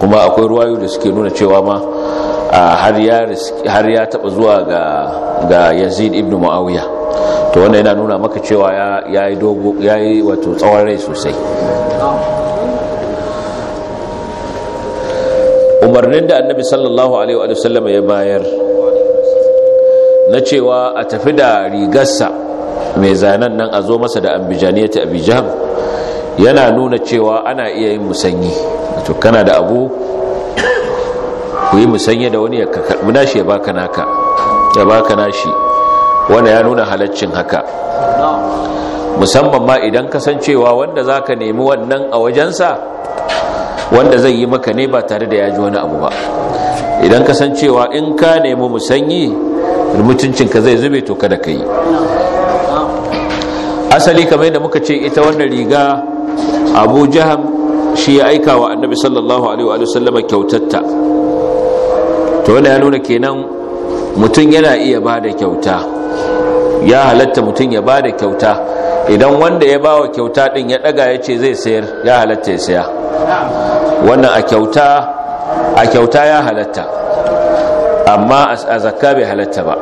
kuma akwai ruwayo da suke nuna cewa ma har ya taba zuwa ga yazid ibn ma'auya? to wanda yana nuna maka cewa ya yi wato tsawon rai sosai umarnin da annabi sallallahu alaihi wa sallama ya bayar na cewa a tafi da rigarsa mai zanen nan a zo masa da ambijaniyar ta abijan yana nuna cewa ana iya yin musanyi to kana da abu ku yi musanya da wani ya nashi ya baka naka ya baka nashi wanda ya nuna halaccin haka musamman ma idan kasancewa wanda zaka nemi wannan a wajensa wanda zai yi maka ne ba tare da ya ji wani abu ba idan kasancewa in ka nemi musanyi ka zai zube to kada ka yi asali kamar yadda muka ce ita wannan riga abu jaham shi ya aika wa annabi sallallahu alaihi wa sallama kyautatta to wanda ya nuna kenan mutum yana iya ba da kyauta ya halatta mutum ya ba da kyauta idan wanda ya bawa kyauta din ya daga ya ce zai sayar ya halatta ya saya wannan a kyauta ya halatta amma a zakka bai halatta ba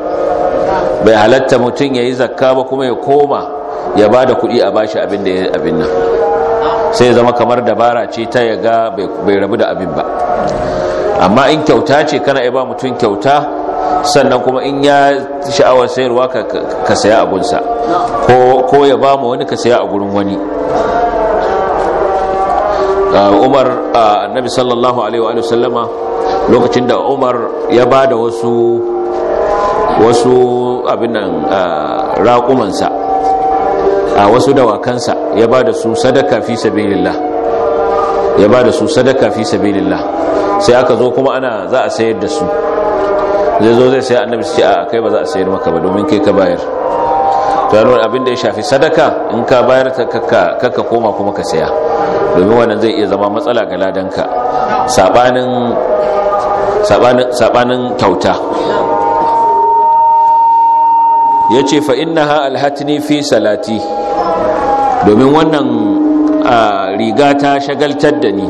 bai halatta mutum ya yi zakka ba kuma ya koma ya ba da kuɗi a bashi abin da ya abin nan sai zama kamar dabara ce ta ya ga bai rabu da abin ba amma in kyauta ce kana iya ba mutum kyauta sannan kuma in ya sha'awar sayarwa ka saya abunsa ko ya ba mu wani ka saya a gurin wani umar annabi sallallahu alaihi wa sallama lokacin da umar ya ba da wasu wasu abinan raƙumansa a wasu dawakansa ya ba da su sadaka fi sabilillah ya ba da su sadaka fi sabilillah sai aka zo kuma ana za a sayar da su zai zo zai sayar annabi ce a kai ba za a sayar maka ba domin kai ka bayar tunanin abin da ya shafi sadaka in ka bayar ta kakka koma kuma ka saya domin wannan zai iya zama matsala ga ladanka sabanin kyauta ya ce na ha alhatini fi salati domin wannan riga ta shagaltar da ni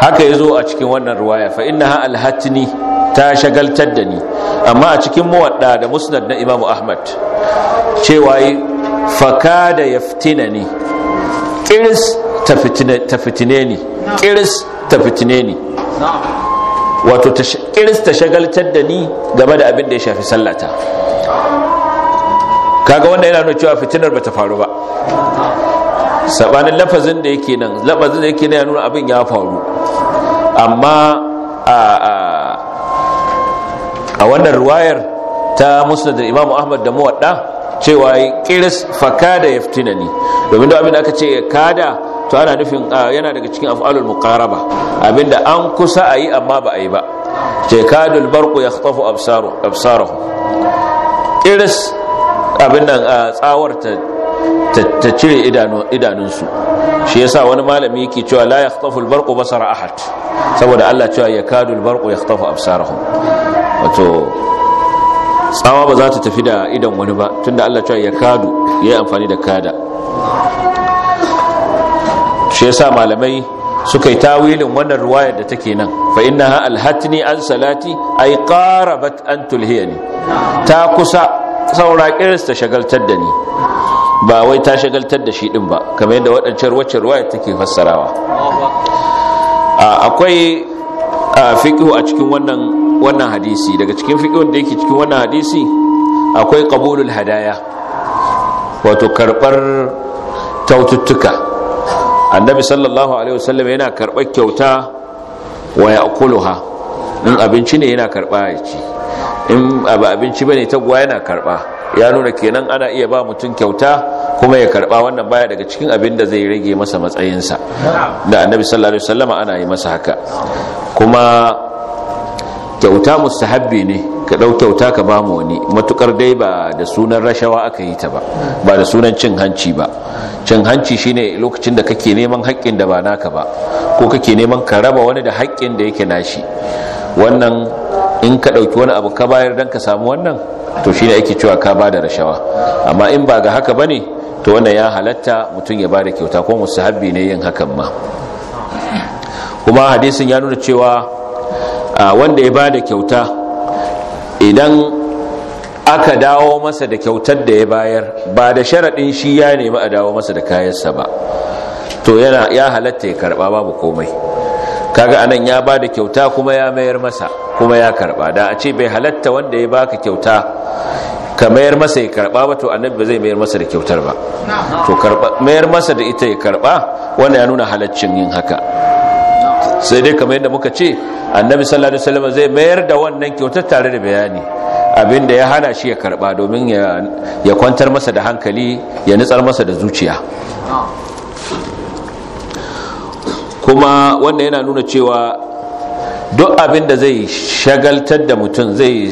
haka ya zo a cikin wannan ruwaya fa inna ha alhatni ta shagaltar da ni amma a cikin muwadda da musnad na imamu ahmad cewa yi faka da ya fitina ni kiris ta fitine ni kiris ta fitine ni wato kiris ta shagaltar da ni game da abin da ya shafi sallata kaga wanda yana nuna cewa fitinar bata faru ba sabanin lafazin da yake nan lafazin da yake nan ya nuna abin ya faru amma a wannan ruwayar ta da imamu ahmad da muwadda cewa kiris fakada ne domin da abin da aka ce ya kada to ana nufin yana daga cikin af'alul muqaraba abinda an kusa a yi amma ba a yi ba ce kadul barku ya absaru absaruhu kiris abin nan tsawarta. ta cire idanunsu shi yasa wani malami yake cewa la yakhtafu albarqu basara ahad saboda Allah cewa yakadu albarqu yakhtafu absarahum wato tsawa ba za ta tafi da idan wani ba tunda Allah cewa ya yi amfani da kada shi yasa malamai suka yi tawilin wannan ruwayar da take nan fa innaha alhatni an salati ay qarabat an tulhiyani ta kusa sauraƙiris ta shagaltar da ni ba wai ta shagaltar da shi din ba kamar yadda waɗancan wacce ruwaya take fassarawa akwai fiƙo a cikin wannan hadisi daga cikin fiqhun da yake cikin wannan hadisi akwai qabulul hadaya wato karɓar taututtuka annabi sallallahu alaihi wasallam yana karbar kyauta wa yaquluha in abinci ne yana karɓa ya ci in ba abinci bane tagwa yana karba ya nuna kenan ana iya ba mutum kyauta kuma ya karba wannan baya daga cikin abin da zai rage masa matsayinsa da annabi sallallahu alaihi wasallama ana yi masa haka kuma kyauta mustahabbi ne ka dau kyauta ka ba mu wani matukar dai ba da sunan rashawa aka yi ta ba ba da sunan cin hanci ba cin hanci shine lokacin da kake neman haƙƙin da ba naka ba ko kake neman ka raba wani da haƙƙin da yake nashi wannan in ka ɗauki wani abu ka bayar dan ka samu wannan to shine ake cewa ka bada rashawa amma in ba ga haka bane to wannan ya halatta mutum ya bada kyauta ko musahabbi ne yin hakan ma kuma hadisin ya nuna cewa wanda ya bada kyauta idan aka dawo masa da kyautar da ya bayar ba da sharaɗin shi ya nemi a dawo masa da kayansa ba to yana ya halatta ya karɓa babu komai kaga anan ya ba da kyauta kuma ya mayar masa kuma ya karba da a ce bai halatta wanda ya baka kyauta ka mayar masa ya karba ba to annabi zai mayar masa da kyautar ba to karba mayar masa da ita ya karba wannan ya nuna halaccin yin haka sai dai kamar yadda muka ce annabi sallallahu alaihi wasallam zai mayar da wannan kyautar tare da bayani abinda ya hana shi ya karba domin ya kwantar masa da hankali ya nitsar masa da zuciya kuma wanda yana nuna cewa duk abin da zai shagaltar da mutum zai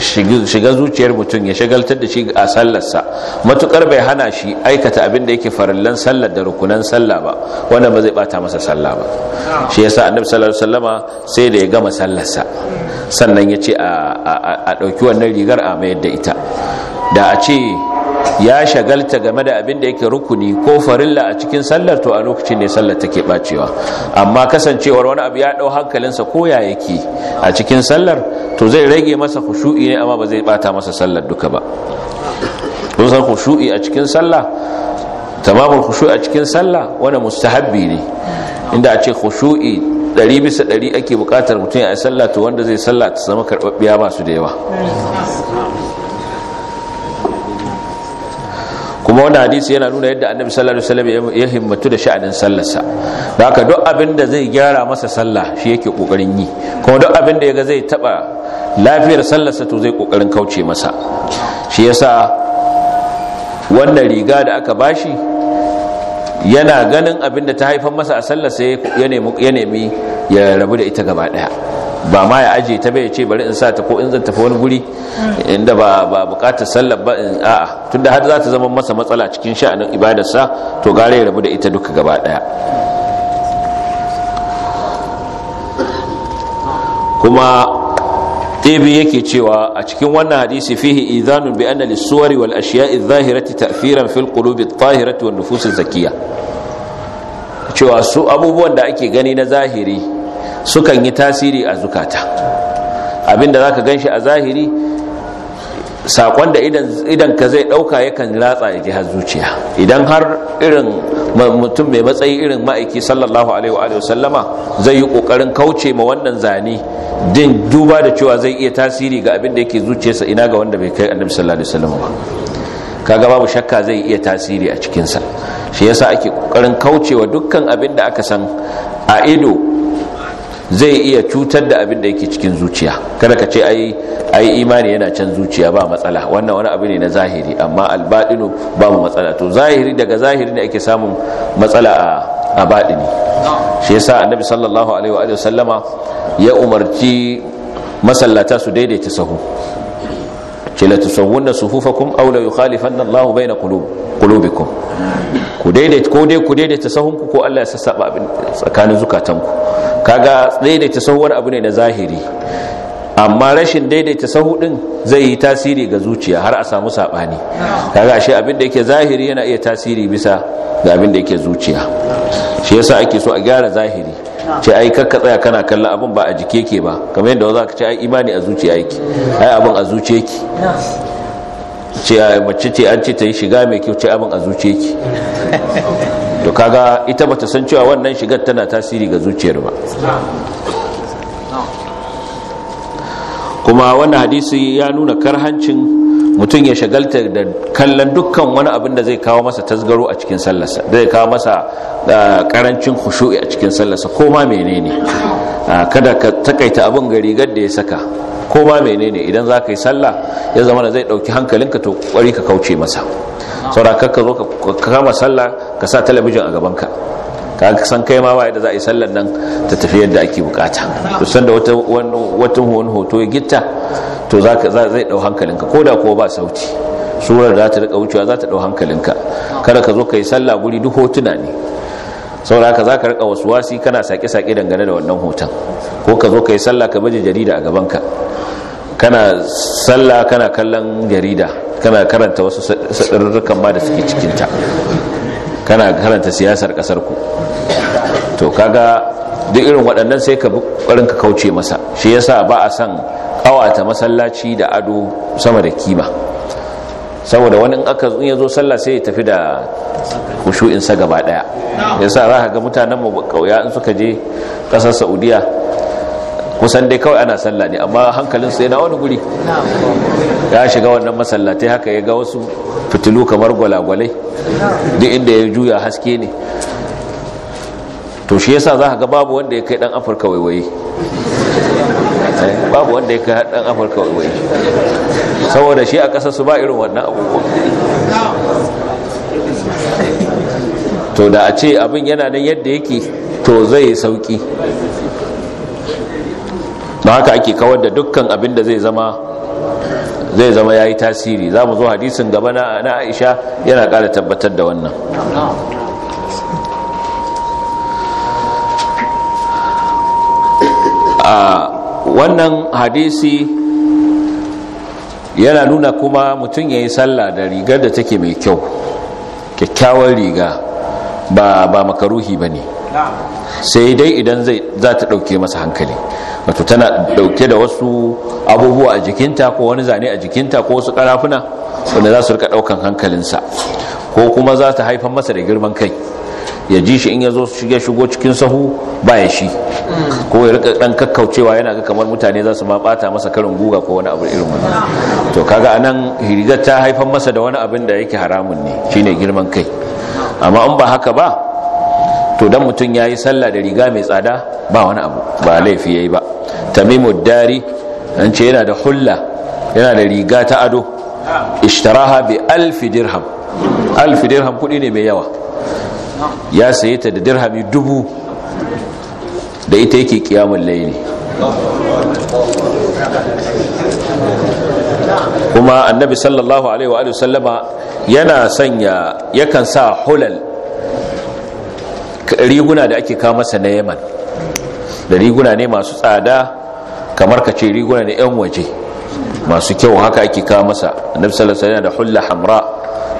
shiga zuciyar mutum ya shagaltar da shi a sallarsa matukar bai hana shi aikata abin da yake farallan sallar da rukunan sallah ba wannan ba zai bata masa sallah ba shi yasa annabi sallallahu alaihi wasallama sai da ya gama sallarsa sannan ya ce a ɗauki wannan rigar a mayar da ita da a ce ya shagalta game da abin da yake rukuni ko farilla a cikin sallar to a lokacin ne sallar take bacewa amma kasancewar wani abu ya dau hankalinsa ko ya yake a cikin sallar to zai rage masa khushu'i ne amma ba zai bata masa sallar duka ba don san khushu'i a cikin sallah tamamul khushu'i a cikin sallah wani mustahabbi ne inda a ce khushu'i ɗari bisa ɗari ake buƙatar mutum ya yi sallah to wanda zai sallah ta zama karɓaɓɓiya masu da yawa kuma wannan hadisi yana nuna yadda annabi sallallahu alaihi wasallam ya himmatu da sha'anin sallarsa da haka duk abin da zai gyara masa sallah shi yake kokarin yi kuma duk abin da ya ga zai taba lafiyar sallarsa to zai kokarin kauce masa shi yasa wannan riga da aka bashi yana ganin abin da ta haifar masa a sallarsa ya nemi ya rabu da ita gaba daya ba ma ya aje ta bai ce bari in sa ta ko in zan tafi wani guri inda ba ba bukatar sallar ba in a'a tunda har za ta zama masa matsala cikin sha'anin ibadarsa to gare ya rabu da ita duka gaba daya kuma ɗebi yake cewa a cikin wannan hadisi fihi izanun bi anna lis wal ashiya'i adh ta'firan fil qulubi adh-dhahirati wan nufus az cewa su abubuwan da ake gani na zahiri sukan yi tasiri a zukata abinda zaka shi a zahiri sakon da idan ka zai dauka yakan ratsa ya ji har zuciya idan har irin mutum mai matsayi irin ma'aiki sallallahu alaihi wa sallama zai yi kokarin kauce ma wannan zane din duba da cewa zai iya tasiri ga abin da yake zuciyarsa ina ga wanda bai kai annabi sallallahu alaihi wasallam ba kaga babu shakka zai iya tasiri a cikin sa shi yasa ake kokarin kaucewa dukkan abin da aka san a ido zai iya cutar da abin da yake cikin zuciya kada ka ce ai imani yana can zuciya ba matsala wannan wani abu ne na zahiri amma albaɗinu babu matsala to zahiri daga zahiri ne ake samun matsala a baɗini shi yasa annabi sallallahu alaihi wa sallama ya umarci masallata su daidaita sahu ce la tusawwunna sufufakum aw la yukhalifanna Allahu baina qulubikum ku daidaita ko dai ku daidaita sahunku ko Allah ya sassaba abin tsakanin zukatanku kaga daidaita sahuwar abu ne na zahiri amma rashin daidaita sahu din zai yi tasiri ga zuciya har a samu sabani kaga ashe abin da yake zahiri yana iya tasiri bisa ga abin da yake zuciya shi yasa ake so a gyara zahiri ce ai kakka tsaya kana kallon abin ba a jike ke ba kamar yadda za ka ce ai imani a zuciya yake ai abin a zuciya yake ce mace ce an ce ta yi shiga mai kyau ce abin a zuciya ki <laughs> to kaga ita ba ta san cewa wannan shigar tana tasiri ga zuciyar ba kuma wannan hadisi ya nuna karhancin mutum ya shagalta da kallon dukkan wani abin da zai kawo masa tasgaro a cikin sallarsa zai kawo masa ah, karancin khushu'i a cikin sallarsa ko ma menene ah, kada ka takaita abin ga rigar da ya saka ko ma menene idan za ka yi sallah ya zama da zai ɗauki hankalinka to kwari ka kauce masa saboda kar ka zo ka kama sallah ka sa talabijin a gabanka ka san kai ma waye da za a yi sallar nan ta tafi yadda ake bukata to da wata wata wani hoto ya gitta to ka zai dau hankalinka koda ko ba sauti surar da ta rika wucewa za ta dau hankalinka kada ka zo ka yi sallah guri duk hotuna ne saboda haka zaka rika wasuwasi kana sake sake dangane da wannan hoton ko ka zo kai sallah ka baje jarida a gaban ka kana sallah kana kallon jarida kana karanta wasu sadarrukan ma da suke cikin ta kana karanta siyasar kasar ku to kaga duk irin waɗannan sai ka barin ka kauce masa shi yasa ba a san ƙawata masallaci da ado sama da kima saboda wani aka in ya zo sallah sai ya tafi da sa gaba daya ya sa za ga mutanen mu kauya in suka je kasar saudiya kusan dai kawai ana sallah ne amma hankalin sai na wani guri ya shiga wannan masallatai haka ya ga wasu fitilu kamar gwalagwalai duk inda ya juya haske ne to shi yasa za ka ga babu wanda ya kai dan afirka waiwaye Eh, babu wanda ya kai haɗin afirka wai saboda shi a ƙasa su ba irin wannan abubuwa to da a ce abin yana nan yadda yake to zai sauki ba haka ake kawar da dukkan abin da zai zama zai zama ya yi tasiri za mu zo hadisin gaba na aisha yana ƙara tabbatar da wannan a ah, wannan hadisi yana nuna kuma mutum ya yi sallah da rigar da take mai kyau kyakkyawar riga ba makaruhi ba ne sai dai idan za ta ɗauke masa hankali wato tana ɗauke da wasu abubuwa a jikinta ko wani zane a jikinta ko wasu ƙarafuna wanda za su rika ɗaukan hankalinsa ko kuma za ta haifan masa da girman kai ya ji shi in ya zo shige shigo cikin sahu ba ya shi ko ya rika dan kakkaucewa yana ga kamar mutane za su ma bata masa karin guga ko wani abu irin wannan to kaga anan hirigar ta haifar masa da wani abin da yake haramun ne shine girman kai amma in ba haka ba to dan mutum yayi sallah da riga mai tsada ba wani abu ba laifi yayi ba tamimud dari an ce yana da hulla yana da riga ta ado ishtaraha bi alfi dirham alfi dirham kudi ne mai yawa ya saye ta da dirhami dubu da ita yake kiyamun laili kuma annabi sallallahu alaihi wa sallama yana sanya yakan sa hulal riguna da ake kama masa na yaman da riguna ne masu tsada kamar ka ce riguna na 'yan waje masu kyau haka ake kama masa annabi sallallahu alaihi da hulla hamra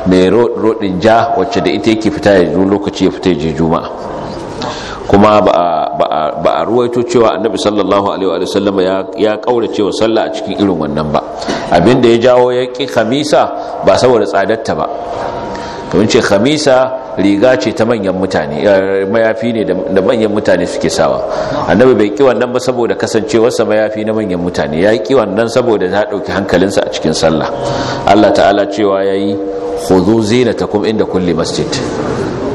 mai rodin ja wacce da ita yake fita yanzu lokaci ya fita je juma'a kuma ba a ruwaito cewa annabi sallallahu alaihi wa sallama ya kaura cewa sallah a cikin irin wannan ba abinda ya jawo ya ki khamisa ba saboda tsadarta ba domin ce khamisa riga ce ta manyan mutane eh, mayafi ne da manyan mutane suke sawa annabi bai ki wannan ba saboda sa mayafi na manyan mutane ya ki wannan saboda ta ɗauki hankalinsa a cikin sallah Allah ta'ala cewa yayi khudhu zinatakum inda kulli masjid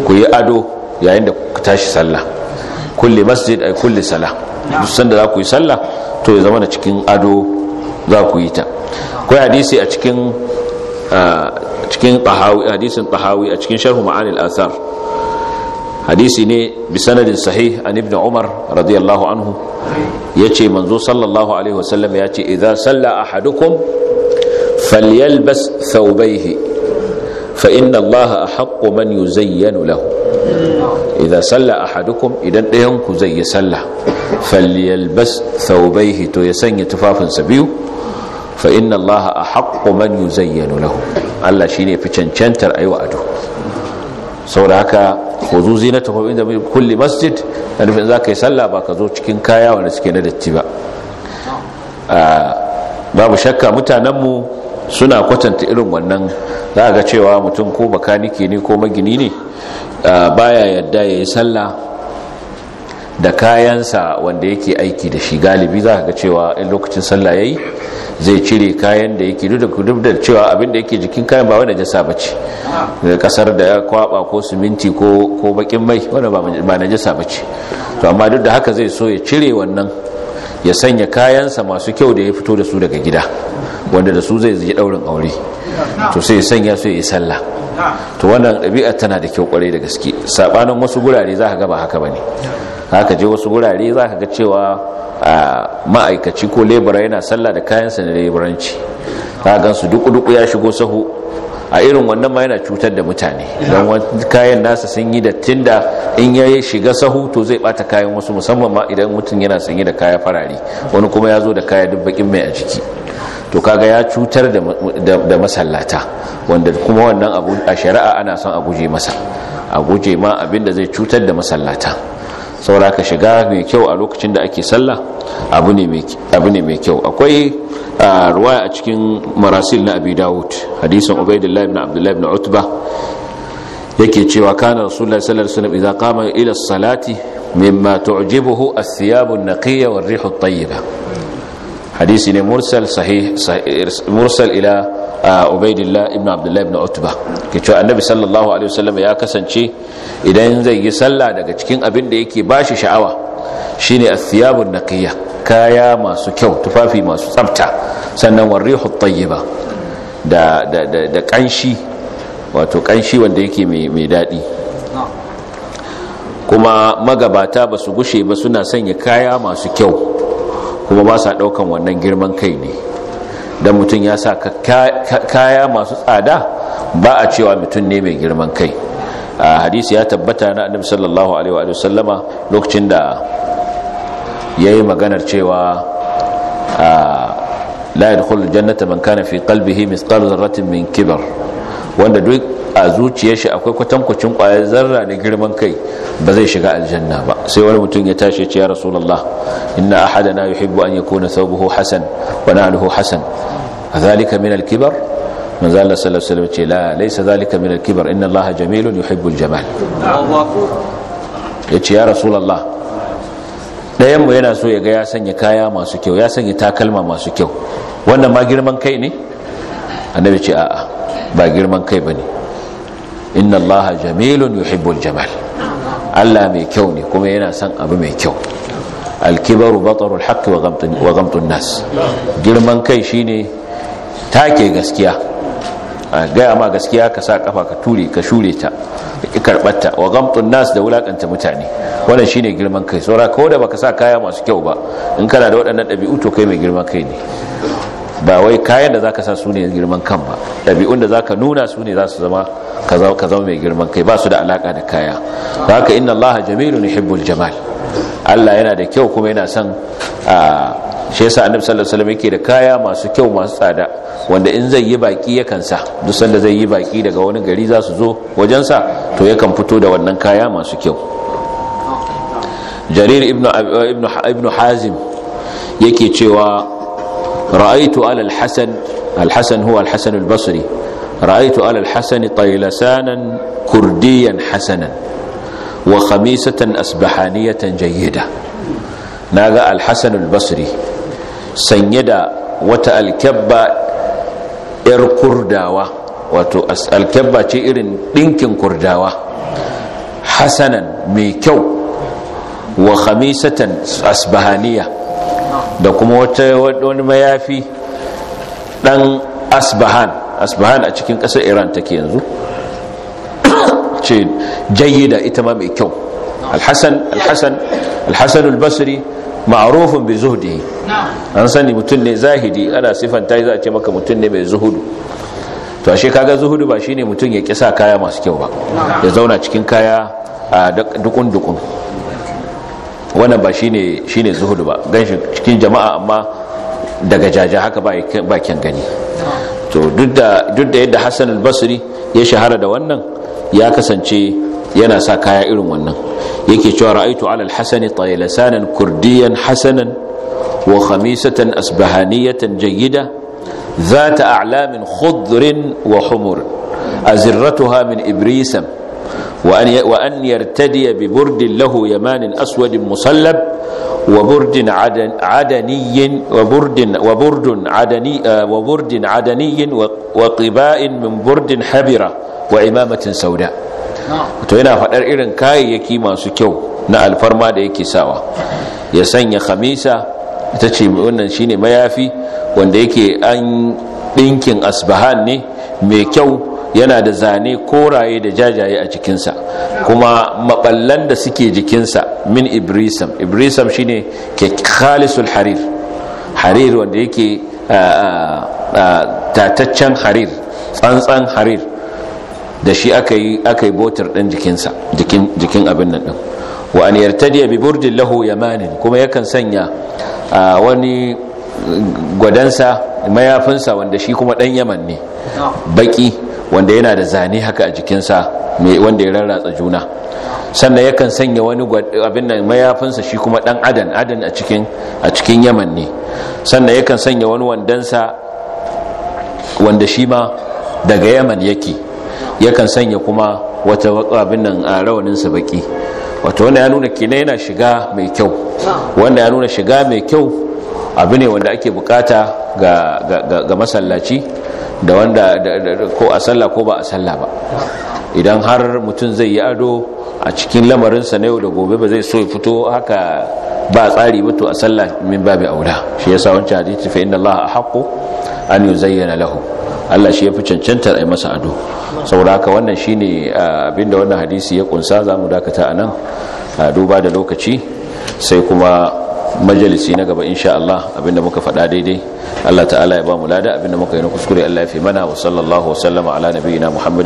ku yi ado yayin da ku tashi sallah kulli masjid ay kulli salah duk sanda za ku yi sallah to ya zama na cikin ado za ku yi ta akwai hadisi a cikin cikin tahawi hadisin tahawi a cikin sharhu ma'anil asar hadisi ne bi sanadin sahih an ibn umar radiyallahu anhu yace manzo sallallahu alaihi wasallam yace idza salla ahadukum falyalbas thawbayhi fa inna allaha ahqqu man yuzayyanu lahu idza salla ahadukum idan ɗayan ku zai yi salla falyalbas thawbayhi to ya sanya tufafinsa biyu fa inna allaha zai man yuzayyanu lahu Allah shine fi cancantar aiwa ado saboda haka khuzu zinatakum inda kulli masjid da nufin za ka yi sallah ba ka zo cikin kaya wanda suke na datti ba ah, babu shakka mutanenmu suna kwatanta irin wannan za ga cewa mutum ko bakanike ne ko magini ne baya yadda ya yi sallah da kayansa wanda yake aiki da shi galibi za ga cewa in lokacin sallah yi. zai cire kayan da yake duk da cewa abin da yake jikin kayan ba wanda jasa bace da kasar da ya kwaba ko siminti ko bakin mai wanda ba ba bace to amma duk da haka zai so ya cire wannan ya sanya kayansa masu kyau da ya fito da su daga gida wanda da su zai ji daurin aure to sai ya sanya su yi sallah to wannan ɗabi'a tana da kyau kwarai da gaske Saɓanin wasu gurare za ka ga ba haka bane haka je wasu gurare za ka ga cewa ma'aikaci ko lebura yana sallah da kayansa na leburanci ka gansu duku-duku ya shigo sahu a irin wannan ma yana cutar da mutane don kayan nasa sun yi dattin da in ya shiga sahu to zai bata kayan wasu musamman ma idan mutum yana sanye da kaya farare wani kuma ya zo da kaya dubbakin mai a jiki to kaga ya cutar da masallata wanda kuma wannan a shari'a ana son a guje masa a guje ma abin da zai cutar da masallata saboda ka shiga mai kyau a lokacin da ake sallah abu ne mai kyau akwai ruwaya a cikin marasil na abi dawud hadisin ubaidillah ibn abdullah ibn utba yake cewa kana rasulullahi sallallahu alaihi wasallam idza qama ila salati mimma tu'jibuhu athiyabu an-naqiyya war-rihu at-tayyiba hadisi ne mursal sahih mursal ila ah, ubaidillah ibn abdullah ibn utba ke cewa annabi sallallahu alaihi wasallam ya kasance idan zai yi sallah daga cikin abin da yake bashi sha'awa shine athiyabun naqiyya kaya masu kyau tufafi masu tsafta sannan warihu tayyiba da da da kanshi wato ƙanshi wanda yake mai mai dadi kuma magabata ba su gushe ba suna sanya kaya masu kyau kuma ba sa ɗaukan wannan girman kai ne dan mutum ya sa kaya masu tsada ba a cewa mutum ne mai girman kai a hadisi ya tabbata na annabi sallallahu alaihi wa sallama lokacin da yayi yi maganar cewa la yadkhulu jannata man kana fi qalbihi mithqal dharratin min kibar wanda duk a zuciyar shi akwai kwatankwacin kwayar zarra da girman kai ba zai shiga aljanna ba sai wani mutum ya tashi ce ya rasulullah inna ahadana yuhibbu an yakuna thawbuhu hasan wa na'luhu hasan kadhalika min al-kibar manzo Allah sallallahu alaihi wasallam ce la laysa dhalika min al-kibar inna Allah jamilun yuhibbu al-jamal ya yace ya rasulullah dayan mu yana so ya ga ya sanya kaya masu kyau ya sanya takalma masu kyau wannan ma girman kai ne annabi ce a'a ba girman kai bane inna Allah jamilun yuhibbul jamal Allah mai kyau ne kuma yana son abu mai kyau alkibaru batarul haqqi wa ghamtun nas girman kai shine take gaskiya gaya ma gaskiya ka sa kafa ka ture ka shure ta ki karbata wa ghamtun nas da wulakanta mutane wannan shine girman kai saura ko da baka sa kaya masu kyau ba in kana da waɗannan ɗabi'u to kai mai girman kai ne ba wai kayan da zaka sa su ne girman kan ba ɗabi'un da zaka nuna su ne za su zama ka zama mai girman kai ba su da alaka da kaya ba haka inna allaha jamilun yuhibbul jamal allah yana da kyau kuma yana son shi yasa annabi sallallahu alaihi yake da kaya masu kyau masu tsada wanda in zai yi baki yakan sa duk sanda zai yi baki daga wani gari za su zo wajen sa to yakan fito da wannan kaya masu kyau jarir ibnu ibnu hazim yake cewa ra'aitu ala al-hasan al-hasan huwa al-hasan al-basri ra'aitu ala al kurdiyan hasanan wa khamisatan asbahaniyatan jayyida naga al-hasan al sanye da wata alkyabba yar kurdawa wato alkyabba ce irin ɗinkin kurdawa hasanan mai kyau wa khamisatan asbahaniya da kuma wata wani mayafi dan asbahan asbahan a cikin kasar iran take yanzu <coughs> ce jayyida ita ma mai kyau alhassan alhassan alhassan albasri ma'arufin bai zuhudi an sani mutum ne zahidi ana sifanta za a ce maka mutum ne mai zuhudu to ashe kaga zuhudu ba shine mutum ya kisa kaya masu kyau ba ya zauna cikin kaya a dukun wannan ba shine ne zuhudu ba ganshi cikin jama'a amma daga jaja haka ba kyan gani to duk da yadda hassan basri ya shahara da wannan ya kasance yana sa kaya irin wannan yake cewa ra'aitu ala al-hasani taylasanan kurdiyan hasanan wa khamisatan asbahaniyatan jayyida ذات wa Humur a zirratu من إبريسم وأن يرتدي ببرد له يمان أسود aswadin وبرد عدن عدني وبرد وبرد عدني وبرد عدني وقباء من برد حبرة وعمامة سوداء to yana faɗar irin kayayyaki masu kyau na alfarma da yake sawa ya sanya khamisa ita ce wannan shine mayafi wanda yake an ɗinkin asbahan ne mai kyau yana da zane koraye da jajaye a jikinsa kuma maballan da suke jikinsa min ibrisam ibrisam shine ke khalisul harir harir wanda yake tataccen harir tsantsan harir da shi aka aka yi botar ɗin jikinsa jikin abin nan ɗin wa an yartadiya bi burdin lahu yamanin kuma yakan sanya wani gwadansa mayafinsa wanda shi kuma ɗan yaman ne baki wanda yana da zane haka a jikinsa mai wanda ya rarratsa juna sannan yakan sanya wani abin da mayafinsa shi kuma dan adan adan a cikin a cikin yaman ne sannan yakan sanya wani wandansa wanda shi ma daga yaman yake yakan sanya kuma wata abin nan a rawaninsa baki wato wanda ya nuna kina yana shiga mai kyau wanda ya nuna shiga mai kyau abu ne wanda ake bukata ga masallaci da wanda ko a sallah ko ba a sallah ba idan har mutum zai yi ado a cikin lamarinsa na yau da gobe ba zai so ya fito haka ba tsari ba to a sallah min babu aula shi yasa wancan hadisi fa inna Allah haqqo an yuzayyana lahu Allah shi ya fi cancantar a masa ado saboda haka wannan shine abinda wannan hadisi ya kunsa zamu dakata anan duba da lokaci sai kuma majalisi na gaba insha Allah abinda muka faɗa daidai Allah ta'ala ya ba mu lada abinda muka yi na kuskure Allah ya fi mana wa sallallahu wa sallama ala nabiyyina Muhammad